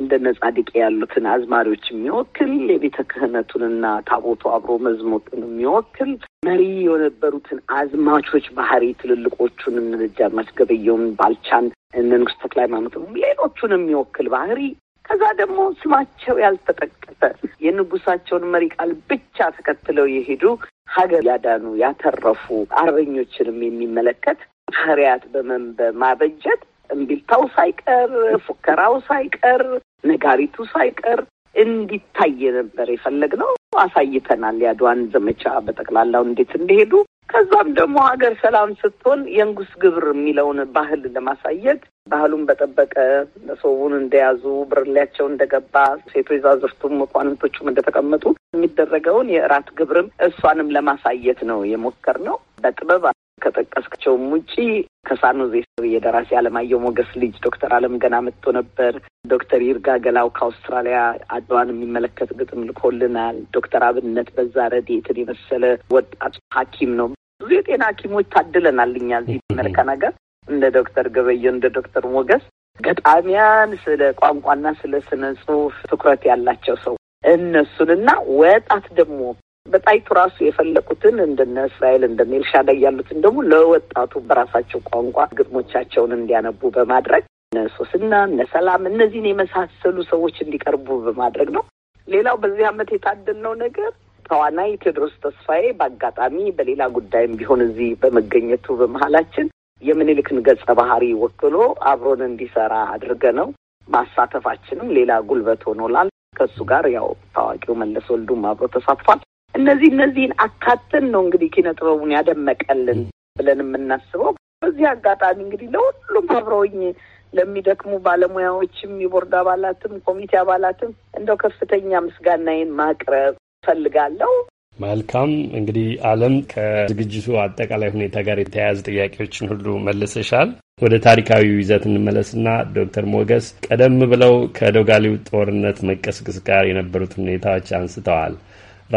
እንደ ነጻድቄ ያሉትን አዝማሪዎች የሚወክል የቤተ ክህነቱንና ታቦቱ አብሮ መዝሙትን የሚወክል መሪ የነበሩትን አዝማቾች ባህሪ ትልልቆቹን እነ ማስገበየውን ባልቻን፣ እነ ንጉሥ ተክለ ሌሎቹን የሚወክል ባህሪ ከዛ ደግሞ ስማቸው ያልተጠቀሰ የንጉሳቸውን መሪ ቃል ብቻ ተከትለው የሄዱ ሀገር ያዳኑ ያተረፉ አርበኞችንም የሚመለከት ባህሪያት በማበጀት እምቢልታው ሳይቀር ፉከራው ሳይቀር ነጋሪቱ ሳይቀር እንዲታይ ነበር የፈለግነው። አሳይተናል የአድዋን ዘመቻ በጠቅላላው እንዴት እንደሄዱ። ከዛም ደግሞ ሀገር ሰላም ስትሆን የንጉስ ግብር የሚለውን ባህል ለማሳየት ባህሉን በጠበቀ መሶቡን እንደያዙ ብርሌያቸው እንደገባ ሴቶ ዛዝርቱም መኳንንቶቹም እንደተቀመጡ የሚደረገውን የእራት ግብርም እሷንም ለማሳየት ነው የሞከርነው። በጥበብ ከጠቀስቸውም ውጪ ከሳኖ ከሳኖዜ የደራሲ አለማየሁ ሞገስ ልጅ ዶክተር አለም ገና መጥቶ ነበር። ዶክተር ይርጋ ገላው ከአውስትራሊያ አድዋን የሚመለከት ግጥም ልኮልናል። ዶክተር አብነት በዛ ረዴትን የመሰለ ወጣት ሐኪም ነው። ብዙ የጤና ሐኪሞች ታድለናል እኛ እዚህ አሜሪካን ሀገር እንደ ዶክተር ገበየ እንደ ዶክተር ሞገስ ገጣሚያን ስለ ቋንቋና ስለ ስነ ጽሁፍ ትኩረት ያላቸው ሰው እነሱንና ወጣት ደግሞ በጣይቱ ራሱ የፈለቁትን እንደነ እስራኤል እንደነ ኤልሻዳይ ያሉትን ደግሞ ለወጣቱ በራሳቸው ቋንቋ ግጥሞቻቸውን እንዲያነቡ በማድረግ እነ ሶስና እነ ሰላም እነዚህን የመሳሰሉ ሰዎች እንዲቀርቡ በማድረግ ነው። ሌላው በዚህ ዓመት የታደልነው ነገር ተዋናይ ቴዎድሮስ ተስፋዬ በአጋጣሚ በሌላ ጉዳይም ቢሆን እዚህ በመገኘቱ በመሀላችን የምኒልክን ገጸ ባህሪ ወክሎ አብሮን እንዲሰራ አድርገ ነው ማሳተፋችንም ሌላ ጉልበት ሆኖላል። ከእሱ ጋር ያው ታዋቂው መለስ ወልዱም አብሮ ተሳትፏል። እነዚህ እነዚህን አካተን ነው እንግዲህ ኪነጥበቡን ያደመቀልን ብለን የምናስበው። በዚህ አጋጣሚ እንግዲህ ለሁሉም አብረውኝ ለሚደክሙ ባለሙያዎችም የቦርድ አባላትም ኮሚቴ አባላትም እንደው ከፍተኛ ምስጋናዬን ማቅረብ እፈልጋለሁ። መልካም እንግዲህ አለም ከዝግጅቱ አጠቃላይ ሁኔታ ጋር የተያያዙ ጥያቄዎችን ሁሉ መልሰሻል። ወደ ታሪካዊ ይዘት እንመለስና ዶክተር ሞገስ ቀደም ብለው ከዶጋሊው ጦርነት መቀስቀስ ጋር የነበሩት ሁኔታዎች አንስተዋል።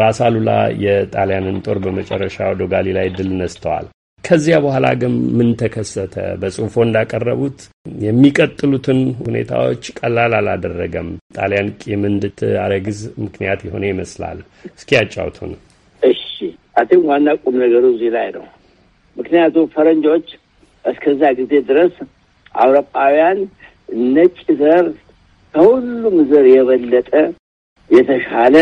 ራስ አሉላ የጣሊያንን ጦር በመጨረሻ ዶጋሊ ላይ ድል ነስተዋል። ከዚያ በኋላ ግን ምን ተከሰተ? በጽሁፎ እንዳቀረቡት የሚቀጥሉትን ሁኔታዎች ቀላል አላደረገም። ጣሊያን ቂም እንድታረግዝ ምክንያት የሆነ ይመስላል። እስኪ ያጫውቱን። እሺ፣ አቴም ዋና ቁም ነገሩ እዚህ ላይ ነው። ምክንያቱ ፈረንጆች እስከዛ ጊዜ ድረስ አውሮፓውያን ነጭ ዘር ከሁሉም ዘር የበለጠ የተሻለ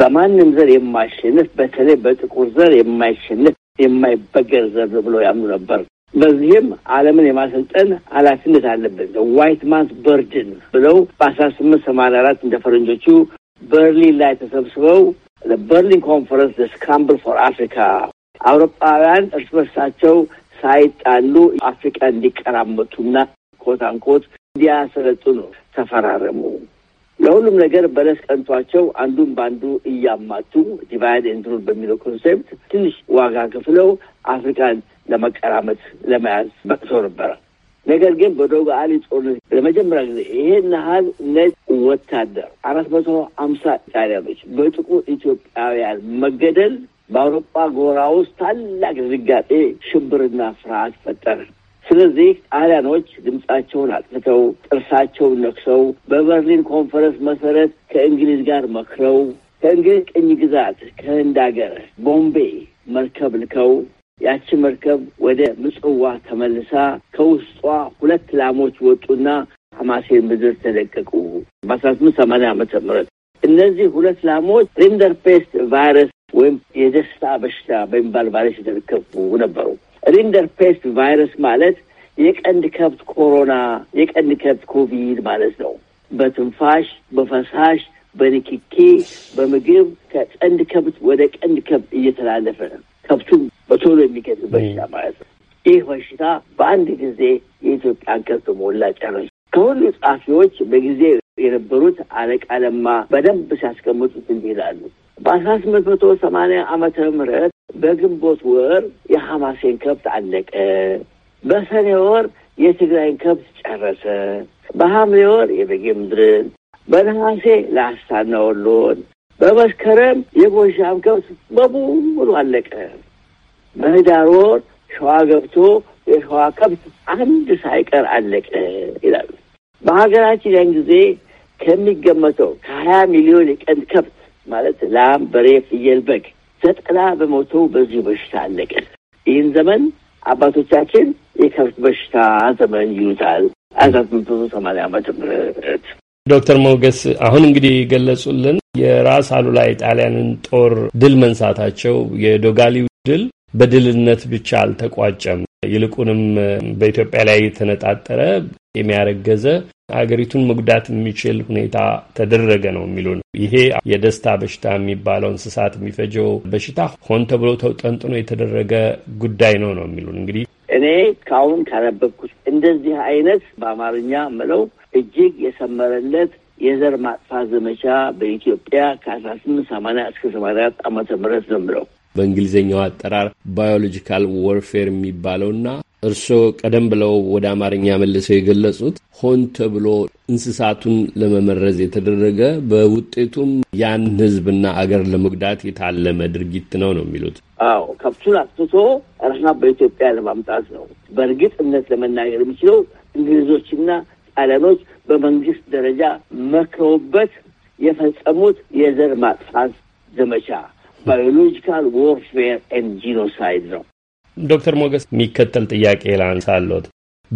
በማንም ዘር የማይሸንፍ በተለይ በጥቁር ዘር የማይሸንፍ የማይበገር ዘር ብሎ ያምኑ ነበር። በዚህም ዓለምን የማሰልጠን ኃላፊነት አለብን ዋይት ማንስ በርድን ብለው በአስራ ስምንት ሰማንያ አራት እንደ ፈረንጆቹ በርሊን ላይ ተሰብስበው በርሊን ኮንፈረንስ ስክራምብል ፎር አፍሪካ አውሮፓውያን እርስ በርሳቸው ሳይጣሉ አፍሪካ እንዲቀራመቱና ኮት አንኮት እንዲያሰለጡ ነው ተፈራረሙ። ለሁሉም ነገር በለስ ቀንቷቸው አንዱን በአንዱ እያማቱ ዲቫይድ ኤንድ ሩል በሚለው ኮንሴፕት ትንሽ ዋጋ ከፍለው አፍሪካን ለመቀራመት ለመያዝ በቅሰው ነበረ። ነገር ግን በዶጋ አሊ ጦርነት ለመጀመሪያ ጊዜ ይሄን ያህል ነጭ ወታደር አራት መቶ ሀምሳ ጣሊያኖች በጥቁር ኢትዮጵያውያን መገደል በአውሮፓ ጎራ ውስጥ ታላቅ ድንጋጤ፣ ሽብርና ፍርሃት ፈጠረ። ስለዚህ ጣሊያኖች ድምፃቸውን አጥፍተው ጥርሳቸውን ነክሰው በበርሊን ኮንፈረንስ መሰረት ከእንግሊዝ ጋር መክረው ከእንግሊዝ ቅኝ ግዛት ከህንድ ሀገር ቦምቤ መርከብ ልከው ያቺ መርከብ ወደ ምጽዋ ተመልሳ ከውስጧ ሁለት ላሞች ወጡና ሐማሴን ምድር ተለቀቁ በአስራ ስምንት ሰማንያ ዓመተ ምህረት እነዚህ ሁለት ላሞች ሪንደርፔስት ቫይረስ ወይም የደስታ በሽታ በሚባል ቫይረስ የተለከፉ ነበሩ። ሪንደር ፔስት ቫይረስ ማለት የቀንድ ከብት ኮሮና፣ የቀንድ ከብት ኮቪድ ማለት ነው። በትንፋሽ፣ በፈሳሽ፣ በንክኪ፣ በምግብ ከቀንድ ከብት ወደ ቀንድ ከብት እየተላለፈ ከብቱም በቶሎ የሚገድል በሽታ ማለት ነው። ይህ በሽታ በአንድ ጊዜ የኢትዮጵያን ከብት ሞላ ጨረሰ። ከሁሉ ጸሐፊዎች በጊዜ የነበሩት አለቃ ለማ በደንብ ሲያስቀምጡት እንዲህ ይላሉ። በአስራ ስምንት መቶ ሰማንያ ዓመተ ምህረት በግንቦት ወር የሐማሴን ከብት አለቀ። በሰኔ ወር የትግራይን ከብት ጨረሰ። በሐምሌ ወር የበጌ ምድርን፣ በነሐሴ ላስታና ወሎን፣ በመስከረም የጎዣም ከብት በሙሉ አለቀ። በህዳር ወር ሸዋ ገብቶ የሸዋ ከብት አንድ ሳይቀር አለቀ ይላሉ። በሀገራችን ያን ጊዜ ከሚገመተው ከሀያ ሚሊዮን የቀንድ ከብት ማለት ላም፣ በሬ፣ ፍየል፣ በግ ዘጠና በመቶ በዚሁ በሽታ አለቀ። ይህን ዘመን አባቶቻችን የከብት በሽታ ዘመን ይሉታል። አዛት መቶ ሰማንያ ዓመተ ምህረት ዶክተር ሞገስ አሁን እንግዲህ ገለጹልን የራስ አሉላ የጣሊያንን ጦር ድል መንሳታቸው የዶጋሊው ድል በድልነት ብቻ አልተቋጨም። ይልቁንም በኢትዮጵያ ላይ የተነጣጠረ የሚያረገዘ አገሪቱን መጉዳት የሚችል ሁኔታ ተደረገ ነው የሚሉ ነው። ይሄ የደስታ በሽታ የሚባለው እንስሳት የሚፈጀው በሽታ ሆን ተብሎ ተውጠንጥኖ የተደረገ ጉዳይ ነው ነው የሚሉን እንግዲህ እኔ ካሁን ካነበብኩት እንደዚህ አይነት በአማርኛ ምለው እጅግ የሰመረለት የዘር ማጥፋት ዘመቻ በኢትዮጵያ ከአስራ ስምንት ሰማንያ እስከ ሰማንያ አራት ዓመተ ምህረት ነው የምለው በእንግሊዝኛው አጠራር ባዮሎጂካል ወርፌር የሚባለውና እርስዎ ቀደም ብለው ወደ አማርኛ መልሰው የገለጹት ሆን ተብሎ እንስሳቱን ለመመረዝ የተደረገ በውጤቱም ያን ሕዝብና አገር ለመጉዳት የታለመ ድርጊት ነው ነው የሚሉት? አዎ ከብቱን አስፍቶ ረሃብ በኢትዮጵያ ለማምጣት ነው። በእርግጥ እምነት ለመናገር የሚችለው እንግሊዞችና ጣሊያኖች በመንግስት ደረጃ መክረውበት የፈጸሙት የዘር ማጥፋት ዘመቻ ባዮሎጂካል ዎርፌር ኤንድ ጂኖሳይድ ነው። ዶክተር ሞገስ የሚከተል ጥያቄ ላንሳሎት።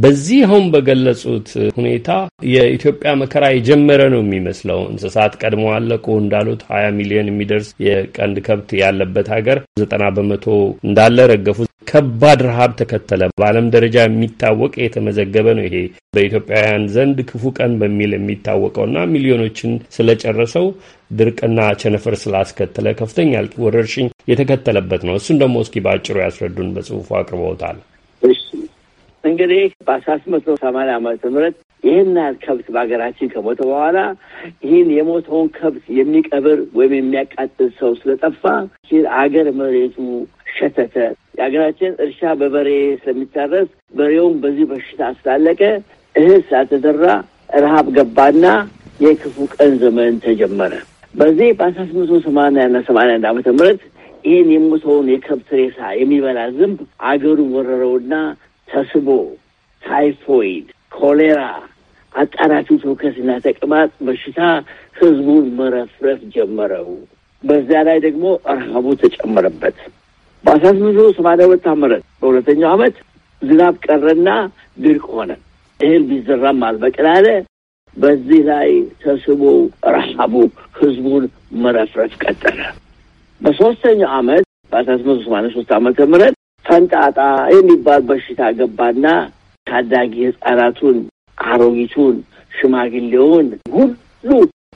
በዚህ አሁን በገለጹት ሁኔታ የኢትዮጵያ መከራ የጀመረ ነው የሚመስለው። እንስሳት ቀድሞ አለቁ እንዳሉት ሀያ ሚሊዮን የሚደርስ የቀንድ ከብት ያለበት ሀገር ዘጠና በመቶ እንዳለ ረገፉ። ከባድ ረሃብ ተከተለ። በዓለም ደረጃ የሚታወቅ የተመዘገበ ነው። ይሄ በኢትዮጵያውያን ዘንድ ክፉ ቀን በሚል የሚታወቀውና ሚሊዮኖችን ስለጨረሰው ድርቅና ቸነፈር ስላስከተለ ከፍተኛ ወረርሽኝ የተከተለበት ነው። እሱን ደግሞ እስኪ በአጭሩ ያስረዱን። በጽሁፉ አቅርበውታል። እንግዲህ በአስራ ስምንት መቶ ሰማንያ ዓመተ ምህረት ይህን ያህል ከብት በሀገራችን ከሞተ በኋላ ይህን የሞተውን ከብት የሚቀብር ወይም የሚያቃጥል ሰው ስለጠፋ አገር መሬቱ ሸተተ። የሀገራችን እርሻ በበሬ ስለሚታረስ በሬውም በዚህ በሽታ ስላለቀ እህል ስላልተዘራ ረሃብ ገባና የክፉ ቀን ዘመን ተጀመረ። በዚህ በአስራ ስምንት መቶ ሰማንያ እና ሰማንያ አንድ ዓመተ ምህረት ይህን የሞተውን የከብት ሬሳ የሚበላ ዝንብ አገሩን ወረረውና ተስቦ፣ ታይፎይድ፣ ኮሌራ፣ አጣራፊ ትውከትና ተቅማጥ በሽታ ህዝቡን መረፍረፍ ጀመረው። በዚያ ላይ ደግሞ ረሃቡ ተጨመረበት። በአስራ ስምንት መቶ ሰማንያ ሁለት ዓመት በሁለተኛው ዓመት ዝናብ ቀረና ድርቅ ሆነ። እህል ቢዘራም አልበቅል አለ። በዚህ ላይ ተስቦ ረሃቡ ህዝቡን መረፍረፍ ቀጠለ። በሶስተኛው ዓመት በአስራ ስምንት መቶ ሰማንያ ሶስት ዓመተ ምህረት ፈንጣጣ የሚባል በሽታ ገባና ታዳጊ ህጻናቱን፣ አሮጊቱን፣ ሽማግሌውን ሁሉ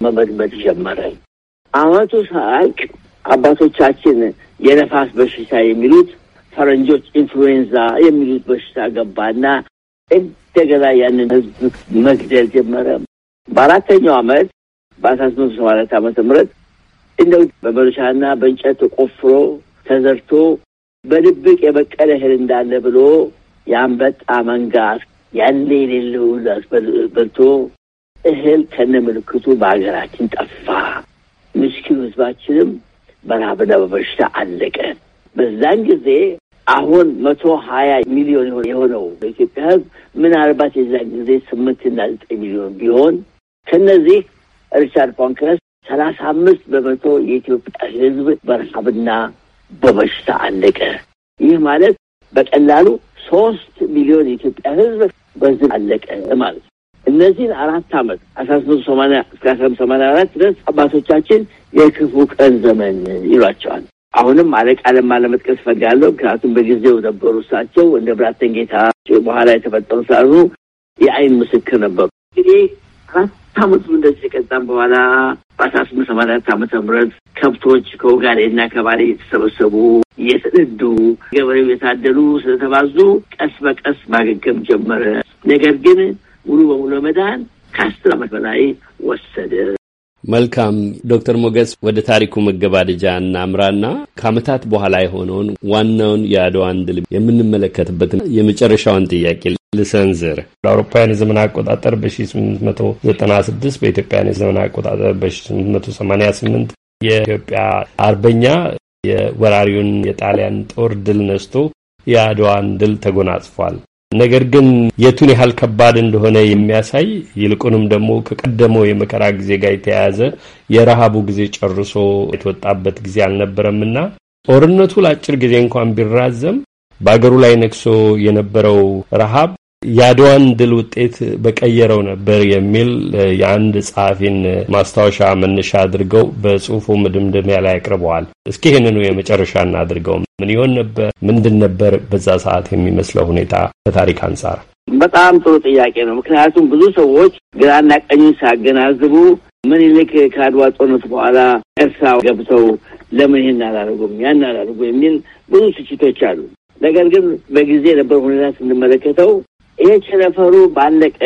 መመድመድ ጀመረ። አመቱ ሳያልቅ አባቶቻችን የነፋስ በሽታ የሚሉት ፈረንጆች ኢንፍሉዌንዛ የሚሉት በሽታ ገባና እንደገና ያንን ህዝብ መግደል ጀመረ። በአራተኛው አመት በአስራ ስምንት ሰባ አራት ምህረት እንደው በመርሻና በእንጨት ተቆፍሮ ተዘርቶ በድብቅ የበቀለ እህል እንዳለ ብሎ የአንበጣ መንጋ ያለ የሌለውን በልቶ እህል ከነ ምልክቱ በሀገራችን ጠፋ። ምስኪኑ ህዝባችንም በረሃብና በበሽታ አለቀ። በዛን ጊዜ አሁን መቶ ሀያ ሚሊዮን የሆነው በኢትዮጵያ ህዝብ ምናልባት የዛን ጊዜ ስምንትና ዘጠኝ ሚሊዮን ቢሆን ከነዚህ ሪቻርድ ፓንክረስ ሰላሳ አምስት በመቶ የኢትዮጵያ ህዝብ በረሃብና በበሽታ አለቀ። ይህ ማለት በቀላሉ ሶስት ሚሊዮን የኢትዮጵያ ህዝብ በዝም አለቀ ማለት ነው። እነዚህን አራት ዓመት አስራ ስምንት ሰማንያ እስከ አስራ ሰማንያ አራት ድረስ አባቶቻችን የክፉ ቀን ዘመን ይሏቸዋል። አሁንም አለቃ ለማ ለመጥቀስ እፈልጋለሁ። ምክንያቱም በጊዜው ነበሩ እሳቸው እንደ ብራተን ጌታ በኋላ የተፈጠሩ ሳሉ የአይን ምስክር ነበሩ። እንግዲህ አራት አመቱ እንደዚህ ከዛም በኋላ በአስራ ስምንት ሰባ አራት ዓመተ ምህረት ከብቶች ከኦጋዴንና ከባሌ የተሰበሰቡ እየተነዱ ገበሬው የታደሉ ስለተባዙ ቀስ በቀስ ማገገም ጀመረ። ነገር ግን ሙሉ በሙሉ መዳን ከአስር ዓመት በላይ ወሰደ። መልካም ዶክተር ሞገስ ወደ ታሪኩ መገባደጃ እናምራና ከአመታት በኋላ የሆነውን ዋናውን የአድዋን ድል የምንመለከትበትን የመጨረሻውን ጥያቄ ልሰንዝር ለአውሮፓውያን የዘመን አቆጣጠር በ1896 በኢትዮጵያን የዘመን አቆጣጠር በ1888 የኢትዮጵያ አርበኛ የወራሪውን የጣሊያን ጦር ድል ነስቶ የአድዋን ድል ተጎናጽፏል። ነገር ግን የቱን ያህል ከባድ እንደሆነ የሚያሳይ ይልቁንም ደግሞ ከቀደመው የመከራ ጊዜ ጋር የተያያዘ የረሃቡ ጊዜ ጨርሶ የተወጣበት ጊዜ አልነበረምና ጦርነቱ ለአጭር ጊዜ እንኳን ቢራዘም በአገሩ ላይ ነግሶ የነበረው ረሃብ የአድዋን ድል ውጤት በቀየረው ነበር የሚል የአንድ ጸሐፊን ማስታወሻ መነሻ አድርገው በጽሁፉ መደምደሚያ ላይ አቅርበዋል። እስኪ ይህንኑ የመጨረሻ እናድርገው። ምን ይሆን ነበር? ምንድን ነበር በዛ ሰዓት የሚመስለው ሁኔታ ከታሪክ አንጻር? በጣም ጥሩ ጥያቄ ነው። ምክንያቱም ብዙ ሰዎች ግራና ሲያገናዝቡ ምን ምኒልክ ከአድዋ ጦርነት በኋላ ኤርትራ ገብተው ለምን ይህን አላደርጉም ያን አላደርጉ የሚል ብዙ ትችቶች አሉ። ነገር ግን በጊዜ የነበረው ሁኔታ ስንመለከተው ይህ ቸነፈሩ ባለቀ፣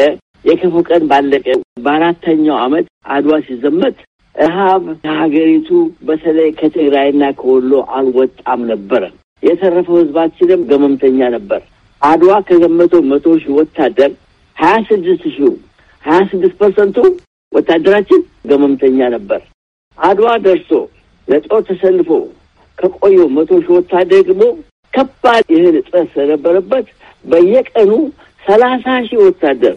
የክፉ ቀን ባለቀ፣ በአራተኛው ዓመት አድዋ ሲዘመት ረሃብ ከሀገሪቱ በተለይ ከትግራይና ከወሎ አልወጣም ነበረ። የተረፈው ህዝባችንም ገመምተኛ ነበር። አድዋ ከዘመተው መቶ ሺህ ወታደር ሀያ ስድስት ሺህ ሀያ ስድስት ፐርሰንቱ ወታደራችን ገመምተኛ ነበር። አድዋ ደርሶ ለጦር ተሰልፎ ከቆየው መቶ ሺህ ወታደር ደግሞ ከባድ ይህን እጥረት ስለነበረበት በየቀኑ ሰላሳ ሺህ ወታደር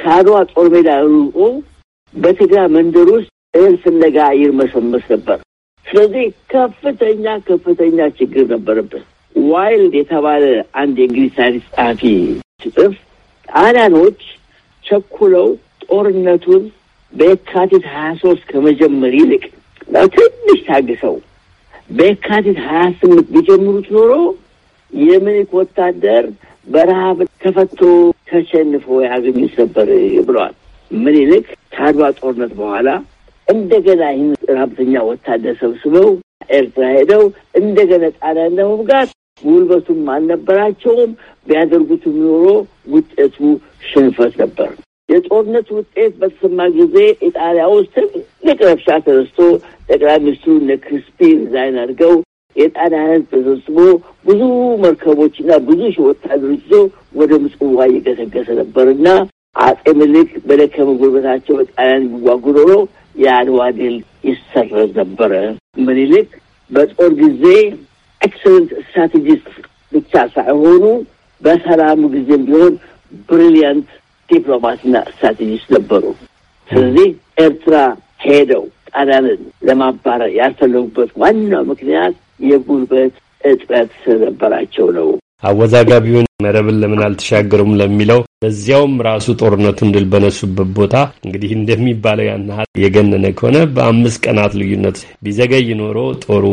ከአድዋ ጦር ሜዳ ርቆ በትግራ መንደር ውስጥ እህል ፍለጋ ይርመሰመስ ነበር። ስለዚህ ከፍተኛ ከፍተኛ ችግር ነበረበት። ዋይልድ የተባለ አንድ የእንግሊዝ ሳይንስ ጸሐፊ ሲጽፍ ጣሊያኖች ቸኩለው ጦርነቱን በየካቲት ሀያ ሶስት ከመጀመር ይልቅ ትንሽ ታግሰው በየካቲት ሀያ ስምንት ቢጀምሩት ኖሮ የምኒልክ ወታደር በረሃብ ተፈቶ ተሸንፎ ያገኙት ነበር ብለዋል። ምን ይልቅ ከአድዋ ጦርነት በኋላ እንደገና ይህን ረሀብተኛ ወታደር ሰብስበው ኤርትራ ሄደው እንደገና ጣሊያን ለመውጋት ጉልበቱም አልነበራቸውም። ቢያደርጉት ኖሮ ውጤቱ ሽንፈት ነበር። የጦርነት ውጤት በተሰማ ጊዜ ኢጣሊያ ውስጥ ትልቅ ረብሻ ተነስቶ ጠቅላይ ሚኒስትሩ እነ ክሪስፒ ሪዛይን አድርገው የጣና ህዝብ ተሰብስቦ ብዙ መርከቦችና ብዙ ሺህ ወታደሮች ወደ ምጽዋ እየገሰገሰ ነበርና አጼ ምኒልክ በደከመ ጉልበታቸው በጣሊያን ቢዋጉ ኖሮ የአድዋ ድል ይሰረዝ ነበረ። ምኒልክ በጦር ጊዜ ኤክሰለንት ስትራቴጂስት ብቻ ሳይሆኑ በሰላሙ ጊዜም ቢሆን ብሪሊያንት ዲፕሎማትና ስትራቴጂስት ነበሩ። ስለዚህ ኤርትራ ሄደው ጣሊያንን ለማባረር ያልፈለጉበት ዋናው ምክንያት የጉልበት እጥረት ስለነበራቸው ነው። አወዛጋቢውን መረብን ለምን አልተሻገሩም ለሚለው በዚያውም ራሱ ጦርነቱን ድል በነሱበት ቦታ እንግዲህ እንደሚባለው ያን የገነነ ከሆነ በአምስት ቀናት ልዩነት ቢዘገይ ኖሮ ጦሩ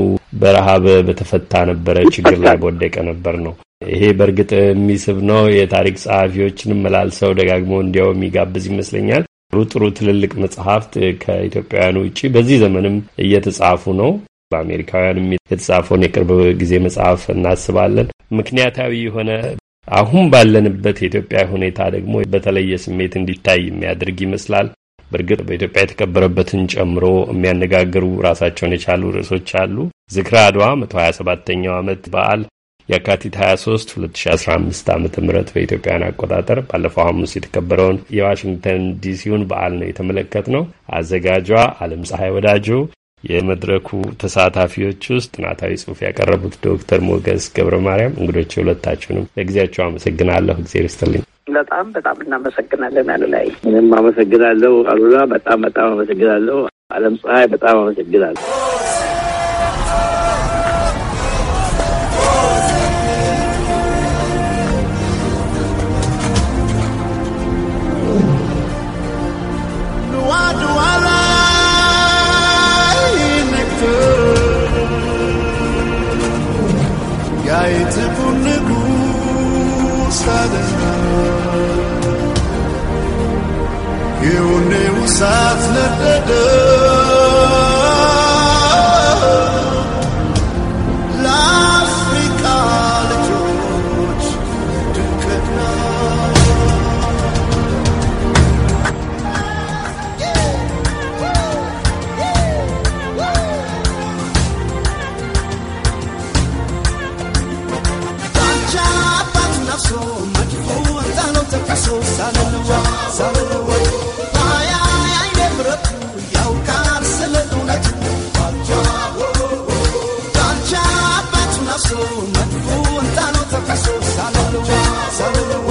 በረሃብ በተፈታ ነበረ፣ ችግር ላይ በወደቀ ነበር ነው። ይሄ በእርግጥ የሚስብ ነው። የታሪክ ጸሐፊዎችን መላልሰው ደጋግሞ እንዲያው የሚጋብዝ ይመስለኛል። ጥሩ ጥሩ ትልልቅ መጽሐፍት ከኢትዮጵያውያኑ ውጭ በዚህ ዘመንም እየተጻፉ ነው። በአሜሪካውያንም የተጻፈውን የቅርብ ጊዜ መጽሐፍ እናስባለን። ምክንያታዊ የሆነ አሁን ባለንበት የኢትዮጵያ ሁኔታ ደግሞ በተለየ ስሜት እንዲታይ የሚያደርግ ይመስላል። በእርግጥ በኢትዮጵያ የተከበረበትን ጨምሮ የሚያነጋግሩ ራሳቸውን የቻሉ ርዕሶች አሉ። ዝክረ አድዋ 27 ኛው ዓመት በዓል የካቲት 23 2015 ዓ ም በኢትዮጵያን አቆጣጠር ባለፈው ሐሙስ የተከበረውን የዋሽንግተን ዲሲውን በዓል ነው የተመለከት ነው። አዘጋጇ አለም ፀሐይ ወዳጆ የመድረኩ ተሳታፊዎች ውስጥ ጥናታዊ ጽሁፍ ያቀረቡት ዶክተር ሞገስ ገብረ ማርያም እንግዶች፣ ሁለታችሁንም ለጊዜያቸው አመሰግናለሁ። እግዜር ይስጥልኝ። በጣም በጣም እናመሰግናለን። አሉላይ ምንም አመሰግናለሁ። አሉላ በጣም በጣም አመሰግናለሁ። አለም ፀሐይ በጣም አመሰግናለሁ። Why do I I You never sat the dead. Sabe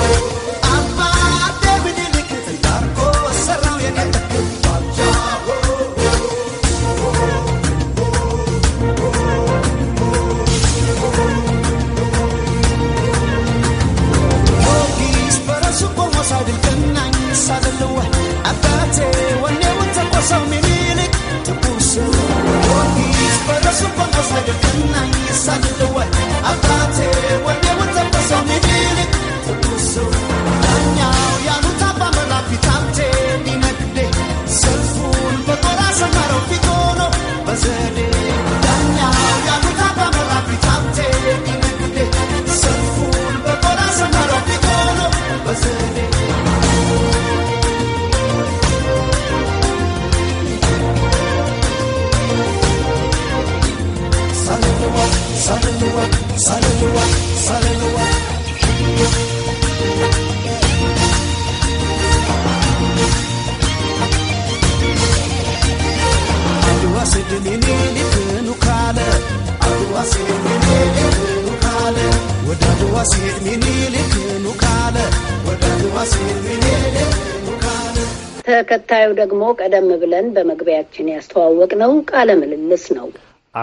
ደግሞ ቀደም ብለን በመግቢያችን ያስተዋወቅነው ቃለ ምልልስ ነው።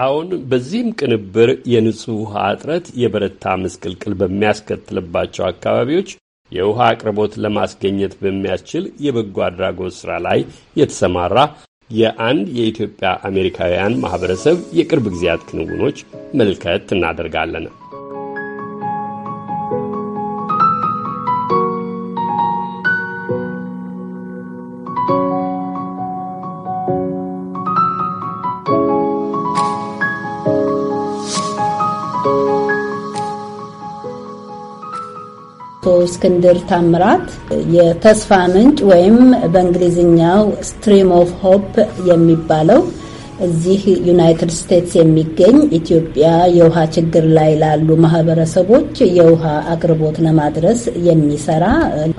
አሁን በዚህም ቅንብር የንጹህ ውሃ እጥረት የበረታ ምስቅልቅል በሚያስከትልባቸው አካባቢዎች የውሃ አቅርቦት ለማስገኘት በሚያስችል የበጎ አድራጎት ሥራ ላይ የተሰማራ የአንድ የኢትዮጵያ አሜሪካውያን ማኅበረሰብ የቅርብ ጊዜያት ክንውኖች መልከት እናደርጋለን። አቶ እስክንድር ታምራት የተስፋ ምንጭ ወይም በእንግሊዝኛው ስትሪም ኦፍ ሆፕ የሚባለው እዚህ ዩናይትድ ስቴትስ የሚገኝ ኢትዮጵያ የውሃ ችግር ላይ ላሉ ማህበረሰቦች የውሃ አቅርቦት ለማድረስ የሚሰራ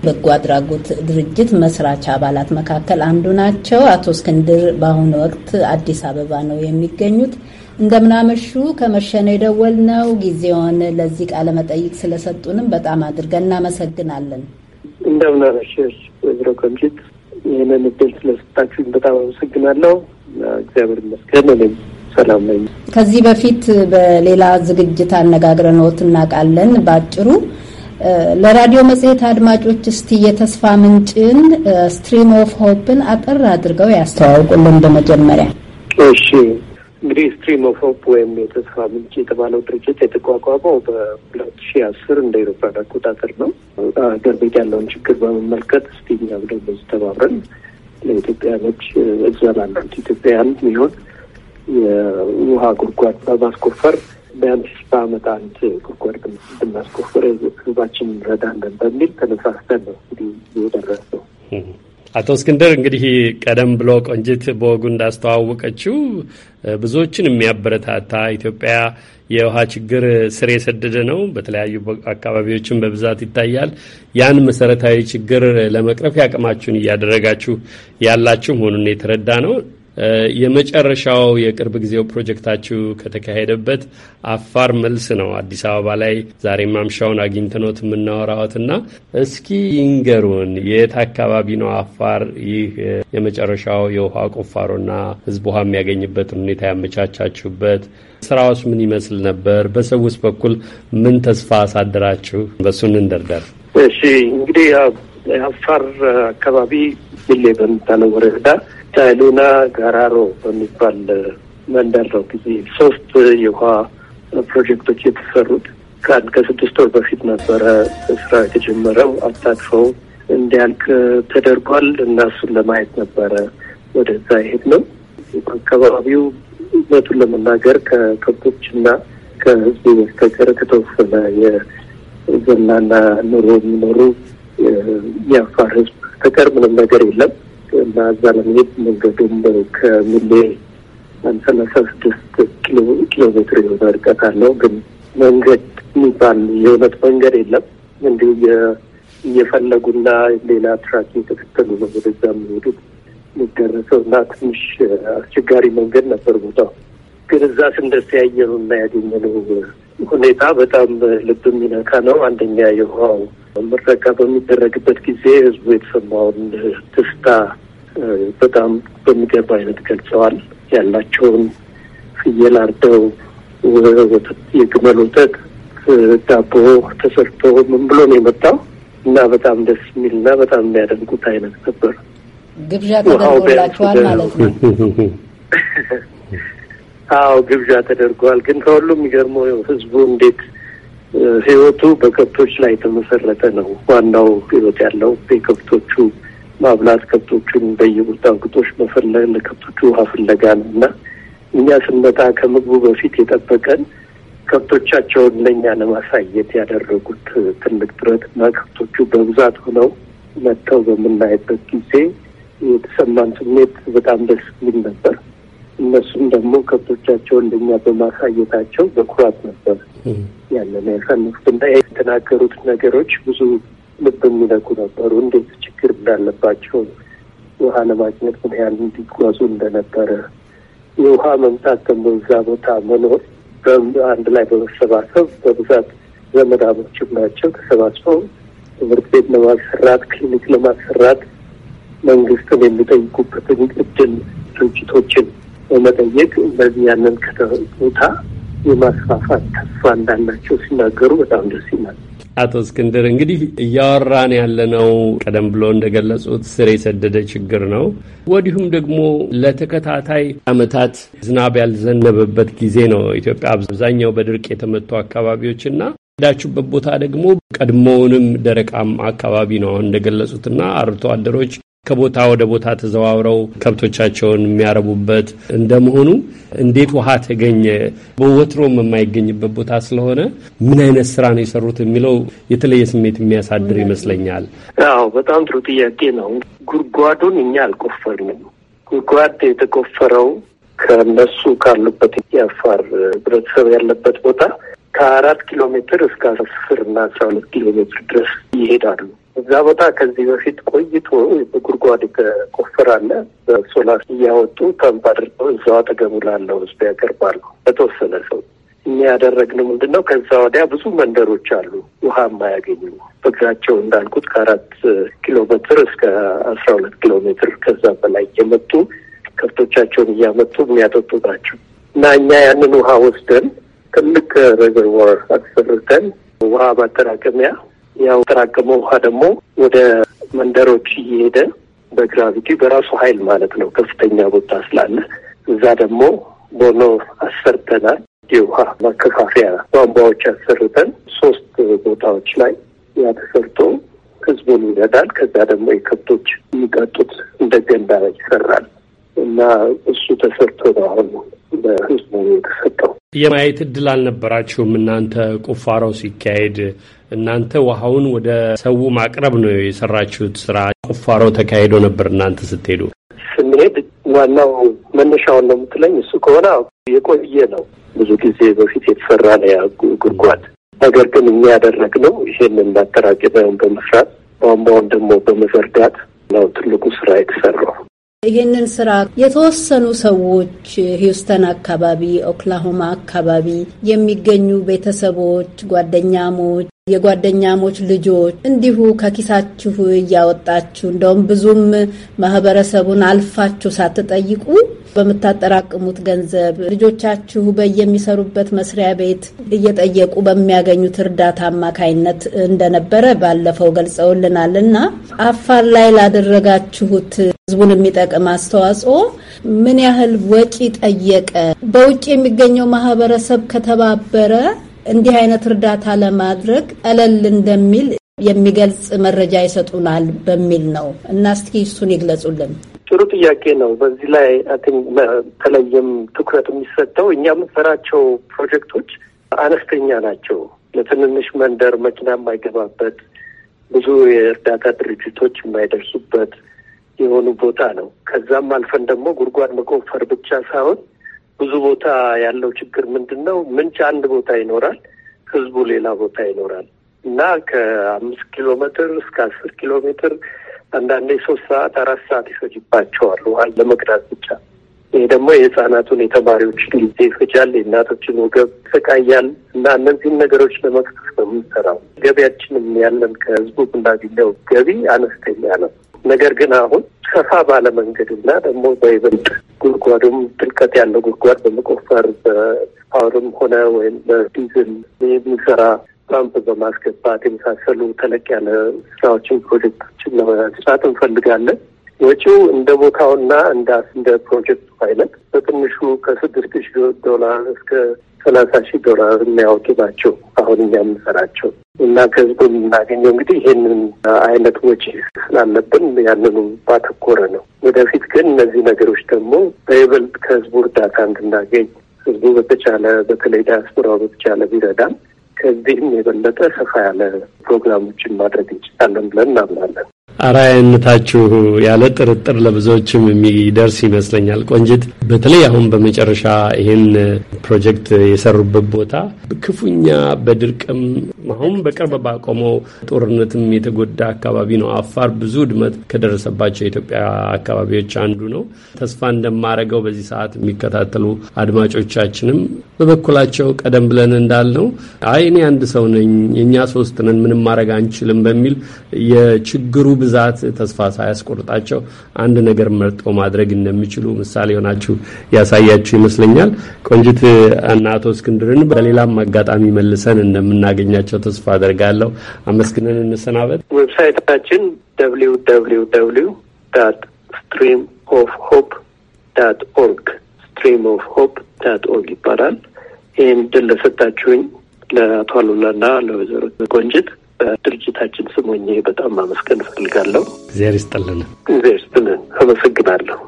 በጎ አድራጎት ድርጅት መስራች አባላት መካከል አንዱ ናቸው። አቶ እስክንድር በአሁኑ ወቅት አዲስ አበባ ነው የሚገኙት። እንደምናመሹ ከመሸነ የደወል ነው። ጊዜውን ለዚህ ቃለ መጠይቅ ስለሰጡንም በጣም አድርገን እናመሰግናለን። እንደምናመሸሽ ወይዘሮ ከምሽት ይህንን እድል ስለሰጣችሁኝ በጣም አመሰግናለሁ። እግዚአብሔር ይመስገን እኔም ሰላም ነኝ። ከዚህ በፊት በሌላ ዝግጅት አነጋግረንዎት እናውቃለን። በአጭሩ ለራዲዮ መጽሔት አድማጮች እስቲ የተስፋ ምንጭን ስትሪም ኦፍ ሆፕን አጠር አድርገው ያስተዋውቁልን በመጀመሪያ። እሺ እንግዲህ ስትሪም ኦፍ ሆፕ ወይም የተስፋ ምንጭ የተባለው ድርጅት የተቋቋመው በሁለት ሺ አስር እንደ አውሮፓውያን አቆጣጠር ነው። ሀገር ቤት ያለውን ችግር በመመልከት እስቲ እኛም ደግሞ በዚህ ተባብረን ለኢትዮጵያኖች እዛ ላሉት ኢትዮጵያውያን የሚሆን የውሃ ጉድጓድ በማስቆፈር ቢያንስ በዓመት አንድ ጉድጓድ ብናስቆፈር ህዝባችን እንረዳለን በሚል ተነሳስተን ነው እንግዲህ የደረስነው። አቶ እስክንድር እንግዲህ ቀደም ብሎ ቆንጅት በወጉ እንዳስተዋወቀችው ብዙዎችን የሚያበረታታ ኢትዮጵያ የውሃ ችግር ስር የሰደደ ነው፣ በተለያዩ አካባቢዎችን በብዛት ይታያል። ያን መሰረታዊ ችግር ለመቅረፍ ያቅማችሁን እያደረጋችሁ ያላችሁ መሆኑን የተረዳ ነው። የመጨረሻው የቅርብ ጊዜው ፕሮጀክታችሁ ከተካሄደበት አፋር መልስ ነው። አዲስ አበባ ላይ ዛሬ ማምሻውን አግኝተኖት የምናወራዎትና እስኪ ይንገሩን፣ የት አካባቢ ነው አፋር ይህ የመጨረሻው የውሃ ቁፋሮና ህዝብ ውሃ የሚያገኝበትን ሁኔታ ያመቻቻችሁበት? ስራውስ ምን ይመስል ነበር? በሰውስ በኩል ምን ተስፋ አሳድራችሁ? በሱን እንደርደር። እሺ እንግዲህ አፋር አካባቢ ሚሌ በምታነወረ ወረዳ ቻይሉና ጋራሮ በሚባል መንደር ነው ጊዜ ሶስት የውሃ ፕሮጀክቶች የተሰሩት። ከአንድ ከስድስት ወር በፊት ነበረ ስራ የተጀመረው። አታድፈው እንዲያልቅ ተደርጓል እና እሱን ለማየት ነበረ ወደዛ ይሄድ ነው። አካባቢው እውነቱን ለመናገር ከከብቶች እና ከህዝቡ በስተቀር ከተወሰነ የዘናና ኑሮ የሚኖሩ የአፋር ህዝብ በስተቀር ምንም ነገር የለም። በዛ ለመሄድ መንገዱም ከሚሌ ሰላሳ ስድስት ኪሎ ሜትር የሆነ ርቀት አለው። ግን መንገድ የሚባል የእውነት መንገድ የለም። እንዲሁ እየፈለጉና ሌላ ትራክ የተከተሉ ነው ወደዛ የሚሄዱት የሚደረሰው እና ትንሽ አስቸጋሪ መንገድ ነበር ቦታው። ግን እዛ ስንደርስ ያየነው እና ያገኘነው ሁኔታ በጣም ልብ የሚነካ ነው። አንደኛ የውሃው ምረቃ በሚደረግበት ጊዜ ህዝቡ የተሰማውን ደስታ በጣም በሚገባ አይነት ገልጸዋል። ያላቸውን ፍየል አርደው ወተት፣ የግመል ወተት ዳቦ ተሰርቶ ምን ብሎ ነው የመጣው እና በጣም ደስ የሚል እና በጣም የሚያደንቁት አይነት ነበር። ግብዣ ተደርጎላቸዋል ማለት ነው? አዎ ግብዣ ተደርጓል። ግን ከሁሉም የሚገርመው ህዝቡ እንዴት ህይወቱ በከብቶች ላይ የተመሰረተ ነው። ዋናው ህይወት ያለው የከብቶቹ ማብላት፣ ከብቶቹን በየቁርጣቁጦች መፈለግ፣ ለከብቶቹ ውሃ ፍለጋ ነው እና እኛ ስንመጣ ከምግቡ በፊት የጠበቀን ከብቶቻቸውን ለእኛ ለማሳየት ያደረጉት ትልቅ ጥረት እና ከብቶቹ በብዛት ሆነው መጥተው በምናይበት ጊዜ የተሰማን ስሜት በጣም ደስ የሚል ነበር። እነሱም ደግሞ ከብቶቻቸው እንደኛ በማሳየታቸው በኩራት ነበር ያለን ያሳነፉት እና የተናገሩት ነገሮች ብዙ ልብ የሚለኩ ነበሩ። እንዴት ችግር እንዳለባቸው ውሃ ለማግኘት ምን ያህል እንዲጓዙ እንደነበረ የውሃ መምጣት ደግሞ እዛ ቦታ መኖር አንድ ላይ በመሰባሰብ በብዛት ዘመዳሞችም ናቸው ተሰባስበው ትምህርት ቤት ለማሰራት ክሊኒክ ለማሰራት መንግስትን የሚጠይቁበትን እድል ድርጅቶችን በመጠየቅ በዚህ ያንን ከተቦታ የማስፋፋት ተስፋ እንዳላቸው ሲናገሩ በጣም ደስ ይላል። አቶ እስክንድር እንግዲህ እያወራን ያለነው ቀደም ብሎ እንደገለጹት ስር የሰደደ ችግር ነው። ወዲሁም ደግሞ ለተከታታይ ዓመታት ዝናብ ያልዘነበበት ጊዜ ነው። ኢትዮጵያ አብዛኛው በድርቅ የተመቱ አካባቢዎችና ሄዳችሁበት ቦታ ደግሞ ቀድሞውንም ደረቃም አካባቢ ነው እንደገለጹትና አርብቶ አደሮች ከቦታ ወደ ቦታ ተዘዋውረው ከብቶቻቸውን የሚያረቡበት እንደመሆኑ እንዴት ውሃ ተገኘ በወትሮም የማይገኝበት ቦታ ስለሆነ ምን አይነት ስራ ነው የሰሩት የሚለው የተለየ ስሜት የሚያሳድር ይመስለኛል። አዎ በጣም ጥሩ ጥያቄ ነው። ጉድጓዱን እኛ አልቆፈርንም። ጉድጓድ የተቆፈረው ከነሱ ካሉበት የአፋር ህብረተሰብ ያለበት ቦታ ከአራት ኪሎ ሜትር እስከ አስር እና አስራ ሁለት ኪሎ ሜትር ድረስ ይሄዳሉ። እዛ ቦታ ከዚህ በፊት ቆይቶ በጉድጓድ ቆፈር አለ። በሶላር እያወጡ ተንብ አድርገው እዛው አጠገቡ ላለው ህዝብ ያቀርባሉ። በተወሰነ ሰው እኛ ያደረግነው ምንድን ነው? ከዛ ወዲያ ብዙ መንደሮች አሉ ውሃ የማያገኙ በእግራቸው እንዳልኩት ከአራት ኪሎ ሜትር እስከ አስራ ሁለት ኪሎ ሜትር ከዛ በላይ እየመጡ ከብቶቻቸውን እያመጡ የሚያጠጡ ናቸው። እና እኛ ያንን ውሃ ወስደን ትልቅ ሬዘርቮር አሰርተን ውሃ ማጠራቀሚያ ያው ተራቀመ ውሃ ደግሞ ወደ መንደሮች እየሄደ በግራቪቲ በራሱ ኃይል ማለት ነው ከፍተኛ ቦታ ስላለ እዛ ደግሞ ቦኖ አሰርተናል። የውሃ ማከፋፈያ ቧንቧዎች አሰርተን ሶስት ቦታዎች ላይ ያ ተሰርቶ ህዝቡን ይረዳል። ከዛ ደግሞ የከብቶች የሚጠጡት እንደ ገንዳ ይሰራል እና እሱ ተሰርቶ ነው አሁን ለህዝቡ የተሰጠው። የማየት እድል አልነበራችሁም እናንተ ቁፋሮ ሲካሄድ እናንተ ውሃውን ወደ ሰው ማቅረብ ነው የሰራችሁት ስራ ቁፋሮ ተካሂዶ ነበር እናንተ ስትሄዱ ስንሄድ ዋናው መነሻውን ነው የምትለኝ እሱ ከሆነ የቆየ ነው ብዙ ጊዜ በፊት የተሰራ ነው ያ ጉድጓድ ነገር ግን እኛ ያደረግነው ይሄንን ማጠራቀሚያውን በመስራት ቧንቧውን ደግሞ በመዘርጋት ነው ትልቁ ስራ የተሰራው ይህንን ስራ የተወሰኑ ሰዎች ሂውስተን አካባቢ፣ ኦክላሆማ አካባቢ የሚገኙ ቤተሰቦች፣ ጓደኛሞች የጓደኛሞች ልጆች እንዲሁ ከኪሳችሁ እያወጣችሁ እንደውም ብዙም ማህበረሰቡን አልፋችሁ ሳትጠይቁ በምታጠራቅሙት ገንዘብ ልጆቻችሁ በየሚሰሩበት መስሪያ ቤት እየጠየቁ በሚያገኙት እርዳታ አማካይነት እንደነበረ ባለፈው ገልጸውልናል እና አፋር ላይ ላደረጋችሁት ህዝቡን የሚጠቅም አስተዋጽኦ ምን ያህል ወጪ ጠየቀ? በውጭ የሚገኘው ማህበረሰብ ከተባበረ እንዲህ አይነት እርዳታ ለማድረግ ቀለል እንደሚል የሚገልጽ መረጃ ይሰጡናል በሚል ነው እና እስኪ እሱን ይግለጹልን። ጥሩ ጥያቄ ነው። በዚህ ላይ በተለይም ትኩረት የሚሰጠው እኛ የምንሰራቸው ፕሮጀክቶች አነስተኛ ናቸው። ለትንንሽ መንደር መኪና የማይገባበት ብዙ የእርዳታ ድርጅቶች የማይደርሱበት የሆኑ ቦታ ነው። ከዛም አልፈን ደግሞ ጉድጓድ መቆፈር ብቻ ሳይሆን ብዙ ቦታ ያለው ችግር ምንድን ነው? ምንጭ አንድ ቦታ ይኖራል፣ ህዝቡ ሌላ ቦታ ይኖራል። እና ከአምስት ኪሎ ሜትር እስከ አስር ኪሎ ሜትር አንዳንዴ ሶስት ሰዓት አራት ሰዓት ይፈጅባቸዋል ውሃን ለመቅዳት ብቻ። ይህ ደግሞ የህጻናቱን የተማሪዎችን ጊዜ ይፈጃል፣ የእናቶችን ወገብ ይሰቃያል። እና እነዚህን ነገሮች ለመቅሰስ ነው የምንሰራው። ገቢያችንም ያለን ከህዝቡ ብናገኘው ገቢ አነስተኛ ነው። ነገር ግን አሁን ሰፋ ባለ መንገድ እና ደግሞ በይበልጥ ጉድጓዱም ጥልቀት ያለው ጉድጓድ በመቆፈር በፓወርም ሆነ ወይም በዲዝል የሚሰራ ፓምፕ በማስገባት የመሳሰሉ ተለቅ ያለ ስራዎችን ፕሮጀክቶችን ለመስራት እንፈልጋለን። ወጪው እንደ ቦታውና እንደ እንደ ፕሮጀክቱ አይነት በትንሹ ከስድስት ሺ ዶላር እስከ ሰላሳ ሺህ ዶላር የሚያወጡ ናቸው። አሁን እኛ የምንሰራቸው እና ከህዝቡ የምናገኘው እንግዲህ ይህንን አይነት ወጪ ስላለብን ያንኑ ባተኮረ ነው። ወደፊት ግን እነዚህ ነገሮች ደግሞ በይበልጥ ከህዝቡ እርዳታ እንድናገኝ ህዝቡ በተቻለ በተለይ ዲያስፖራው በተቻለ ቢረዳም ከዚህም የበለጠ ሰፋ ያለ ፕሮግራሞችን ማድረግ እንችላለን ብለን እናምናለን። አራያነታችሁ ያለ ጥርጥር ለብዙዎችም የሚደርስ ይመስለኛል። ቆንጅት፣ በተለይ አሁን በመጨረሻ ይህን ፕሮጀክት የሰሩበት ቦታ ክፉኛ በድርቅም አሁን በቅርብ ባቆመው ጦርነትም የተጎዳ አካባቢ ነው። አፋር ብዙ ውድመት ከደረሰባቸው የኢትዮጵያ አካባቢዎች አንዱ ነው። ተስፋ እንደማረገው በዚህ ሰዓት የሚከታተሉ አድማጮቻችንም በበኩላቸው ቀደም ብለን እንዳልነው አይ እኔ አንድ ሰው ነኝ፣ እኛ ሶስት ነን፣ ምንም ማድረግ አንችልም በሚል የችግሩ ብዛት ተስፋ ሳያስቆርጣቸው አንድ ነገር መርጦ ማድረግ እንደሚችሉ ምሳሌ ሆናችሁ ያሳያችሁ ይመስለኛል። ቆንጅት እና አቶ እስክንድርን በሌላም አጋጣሚ መልሰን እንደምናገኛቸው ተስፋ አደርጋለሁ። አመስግነን እንሰናበት። ዌብሳይታችን ደብሊው ደብሊው ደብሊው ዳት ስትሪም ኦፍ ሆፕ ዳት ኦርግ ስትሪም ኦፍ ሆፕ ዳት ኦርግ ይባላል። ይህን ድል ለሰጣችሁኝ ለአቶ አሉላና ለወይዘሮ ቆንጅት በድርጅታችን ስም ሆኜ በጣም ማመስገን እፈልጋለሁ። እግዚአብሔር ይስጥልን። እግዚአብሔር ይስጥልን። አመሰግናለሁ።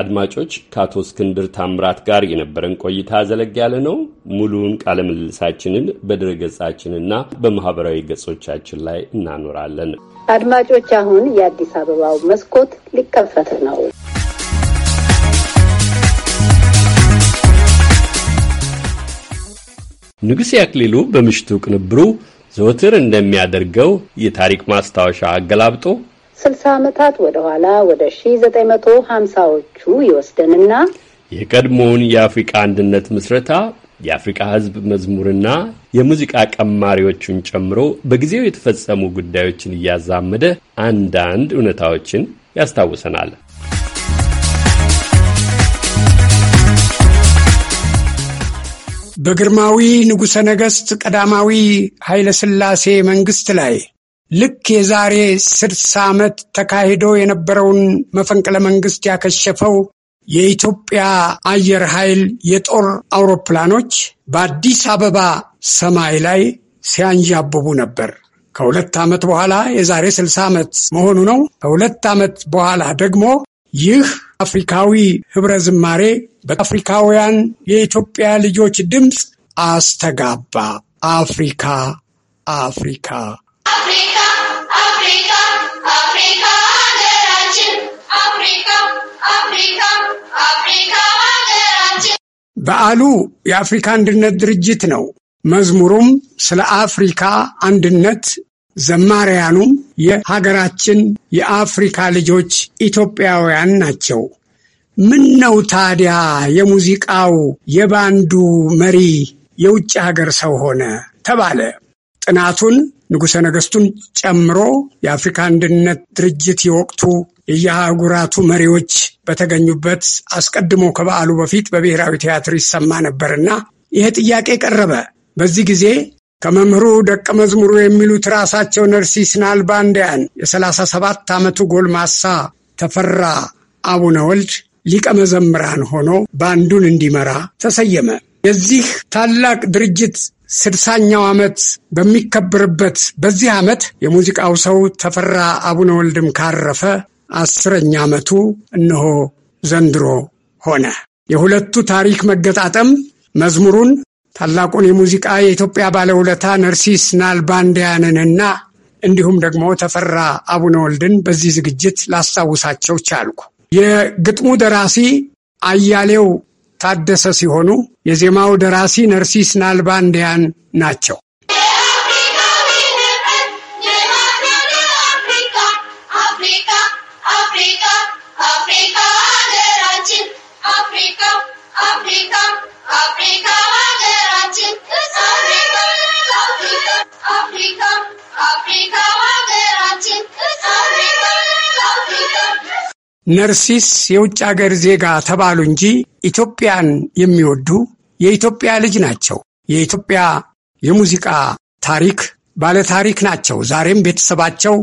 አድማጮች ከአቶ እስክንድር ታምራት ጋር የነበረን ቆይታ ዘለግ ያለ ነው። ሙሉውን ቃለ ምልልሳችንን በድረ ገጻችንና በማህበራዊ ገጾቻችን ላይ እናኖራለን። አድማጮች አሁን የአዲስ አበባው መስኮት ሊከፈት ነው። ንጉሴ አክሊሉ በምሽቱ ቅንብሩ ዘወትር እንደሚያደርገው የታሪክ ማስታወሻ አገላብጦ ስልሳ ዓመታት ወደኋላ ወደ ሺ ዘጠኝ መቶ ሀምሳዎቹ ይወስደንና የቀድሞውን የአፍሪቃ አንድነት ምስረታ የአፍሪቃ ሕዝብ መዝሙርና የሙዚቃ ቀማሪዎቹን ጨምሮ በጊዜው የተፈጸሙ ጉዳዮችን እያዛመደ አንዳንድ እውነታዎችን ያስታውሰናል። በግርማዊ ንጉሠ ነገሥት ቀዳማዊ ኃይለ ሥላሴ መንግሥት ላይ ልክ የዛሬ ስድሳ ዓመት ተካሂዶ የነበረውን መፈንቅለ መንግሥት ያከሸፈው የኢትዮጵያ አየር ኃይል የጦር አውሮፕላኖች በአዲስ አበባ ሰማይ ላይ ሲያንዣብቡ ነበር። ከሁለት ዓመት በኋላ የዛሬ ስልሳ ዓመት መሆኑ ነው። ከሁለት ዓመት በኋላ ደግሞ ይህ አፍሪካዊ ህብረ ዝማሬ በአፍሪካውያን የኢትዮጵያ ልጆች ድምፅ አስተጋባ። አፍሪካ አፍሪካ በዓሉ የአፍሪካ አንድነት ድርጅት ነው። መዝሙሩም ስለ አፍሪካ አንድነት ዘማሪያኑም የሀገራችን የአፍሪካ ልጆች ኢትዮጵያውያን ናቸው። ምን ነው ታዲያ የሙዚቃው የባንዱ መሪ የውጭ ሀገር ሰው ሆነ ተባለ። ጥናቱን ንጉሠ ነገሥቱን ጨምሮ የአፍሪካ አንድነት ድርጅት የወቅቱ የየአህጉራቱ መሪዎች በተገኙበት አስቀድሞ ከበዓሉ በፊት በብሔራዊ ቲያትር ይሰማ ነበርና ይሄ ጥያቄ ቀረበ። በዚህ ጊዜ ከመምህሩ ደቀ መዝሙሩ የሚሉት ራሳቸው ነርሲስ ናልባንዲያን የ37 ዓመቱ ጎልማሳ ተፈራ አቡነ ወልድ ሊቀ መዘምራን ሆኖ ባንዱን እንዲመራ ተሰየመ። የዚህ ታላቅ ድርጅት ስድሳኛው ዓመት በሚከብርበት በዚህ ዓመት የሙዚቃው ሰው ተፈራ አቡነ ወልድም ካረፈ አስረኛ ዓመቱ እነሆ ዘንድሮ ሆነ። የሁለቱ ታሪክ መገጣጠም መዝሙሩን ታላቁን የሙዚቃ የኢትዮጵያ ባለውለታ ነርሲስ ናልባንዲያንንና እንዲሁም ደግሞ ተፈራ አቡነ ወልድን በዚህ ዝግጅት ላስታውሳቸው ቻልኩ። የግጥሙ ደራሲ አያሌው ታደሰ ሲሆኑ የዜማው ደራሲ ነርሲስ ናልባንዲያን ናቸው። ነርሲስ የውጭ አገር ዜጋ ተባሉ እንጂ ኢትዮጵያን የሚወዱ የኢትዮጵያ ልጅ ናቸው። የኢትዮጵያ የሙዚቃ ታሪክ ባለታሪክ ናቸው። ዛሬም ቤተሰባቸው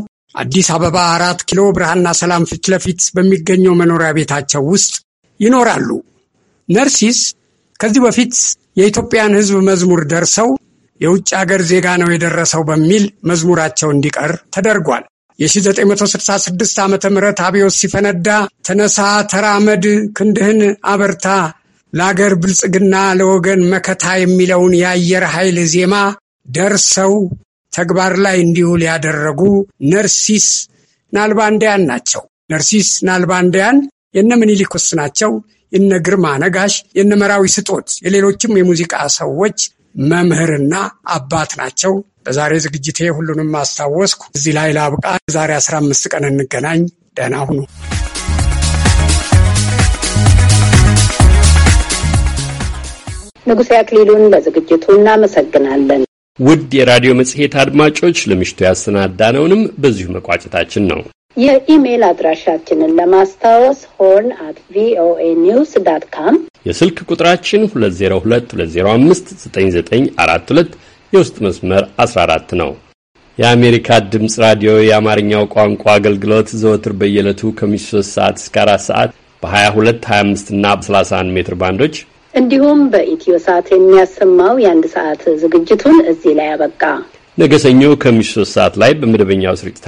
አዲስ አበባ አራት ኪሎ ብርሃንና ሰላም ፊት ለፊት በሚገኘው መኖሪያ ቤታቸው ውስጥ ይኖራሉ። ነርሲስ ከዚህ በፊት የኢትዮጵያን ሕዝብ መዝሙር ደርሰው የውጭ ሀገር ዜጋ ነው የደረሰው በሚል መዝሙራቸው እንዲቀር ተደርጓል። የ1966 ዓ ም አብዮት ሲፈነዳ ተነሳ፣ ተራመድ፣ ክንድህን አበርታ፣ ለአገር ብልጽግና፣ ለወገን መከታ የሚለውን የአየር ኃይል ዜማ ደርሰው ተግባር ላይ እንዲውል ያደረጉ ነርሲስ ናልባንዲያን ናቸው። ነርሲስ ናልባንዲያን የነ ምኒልክ ናቸው። የነ ግርማ ነጋሽ፣ የነ መራዊ ስጦት፣ የሌሎችም የሙዚቃ ሰዎች መምህርና አባት ናቸው። በዛሬ ዝግጅቴ ሁሉንም አስታወስኩ። እዚህ ላይ ላብቃ። ዛሬ 15 ቀን እንገናኝ። ደህና ሁኑ። ንጉሴ አክሊሉን ለዝግጅቱ እናመሰግናለን። ውድ የራዲዮ መጽሔት አድማጮች ለምሽቱ ያሰናዳነውንም በዚሁ መቋጨታችን ነው። የኢሜል አድራሻችንን ለማስታወስ ሆርን አት ቪኦኤ ኒውስ ዳት ካም፣ የስልክ ቁጥራችን 2022059942 የውስጥ መስመር 14 ነው። የአሜሪካ ድምፅ ራዲዮ የአማርኛው ቋንቋ አገልግሎት ዘወትር በየዕለቱ ከምሽቱ 3 ሰዓት እስከ 4 ሰዓት በ22፣ 25 እና 31 ሜትር ባንዶች እንዲሁም በኢትዮ ሰዓት የሚያሰማው የአንድ ሰዓት ዝግጅቱን እዚህ ላይ አበቃ። ነገ ሰኞ ከምሽቱ 3 ሰዓት ላይ በመደበኛው ስርጭት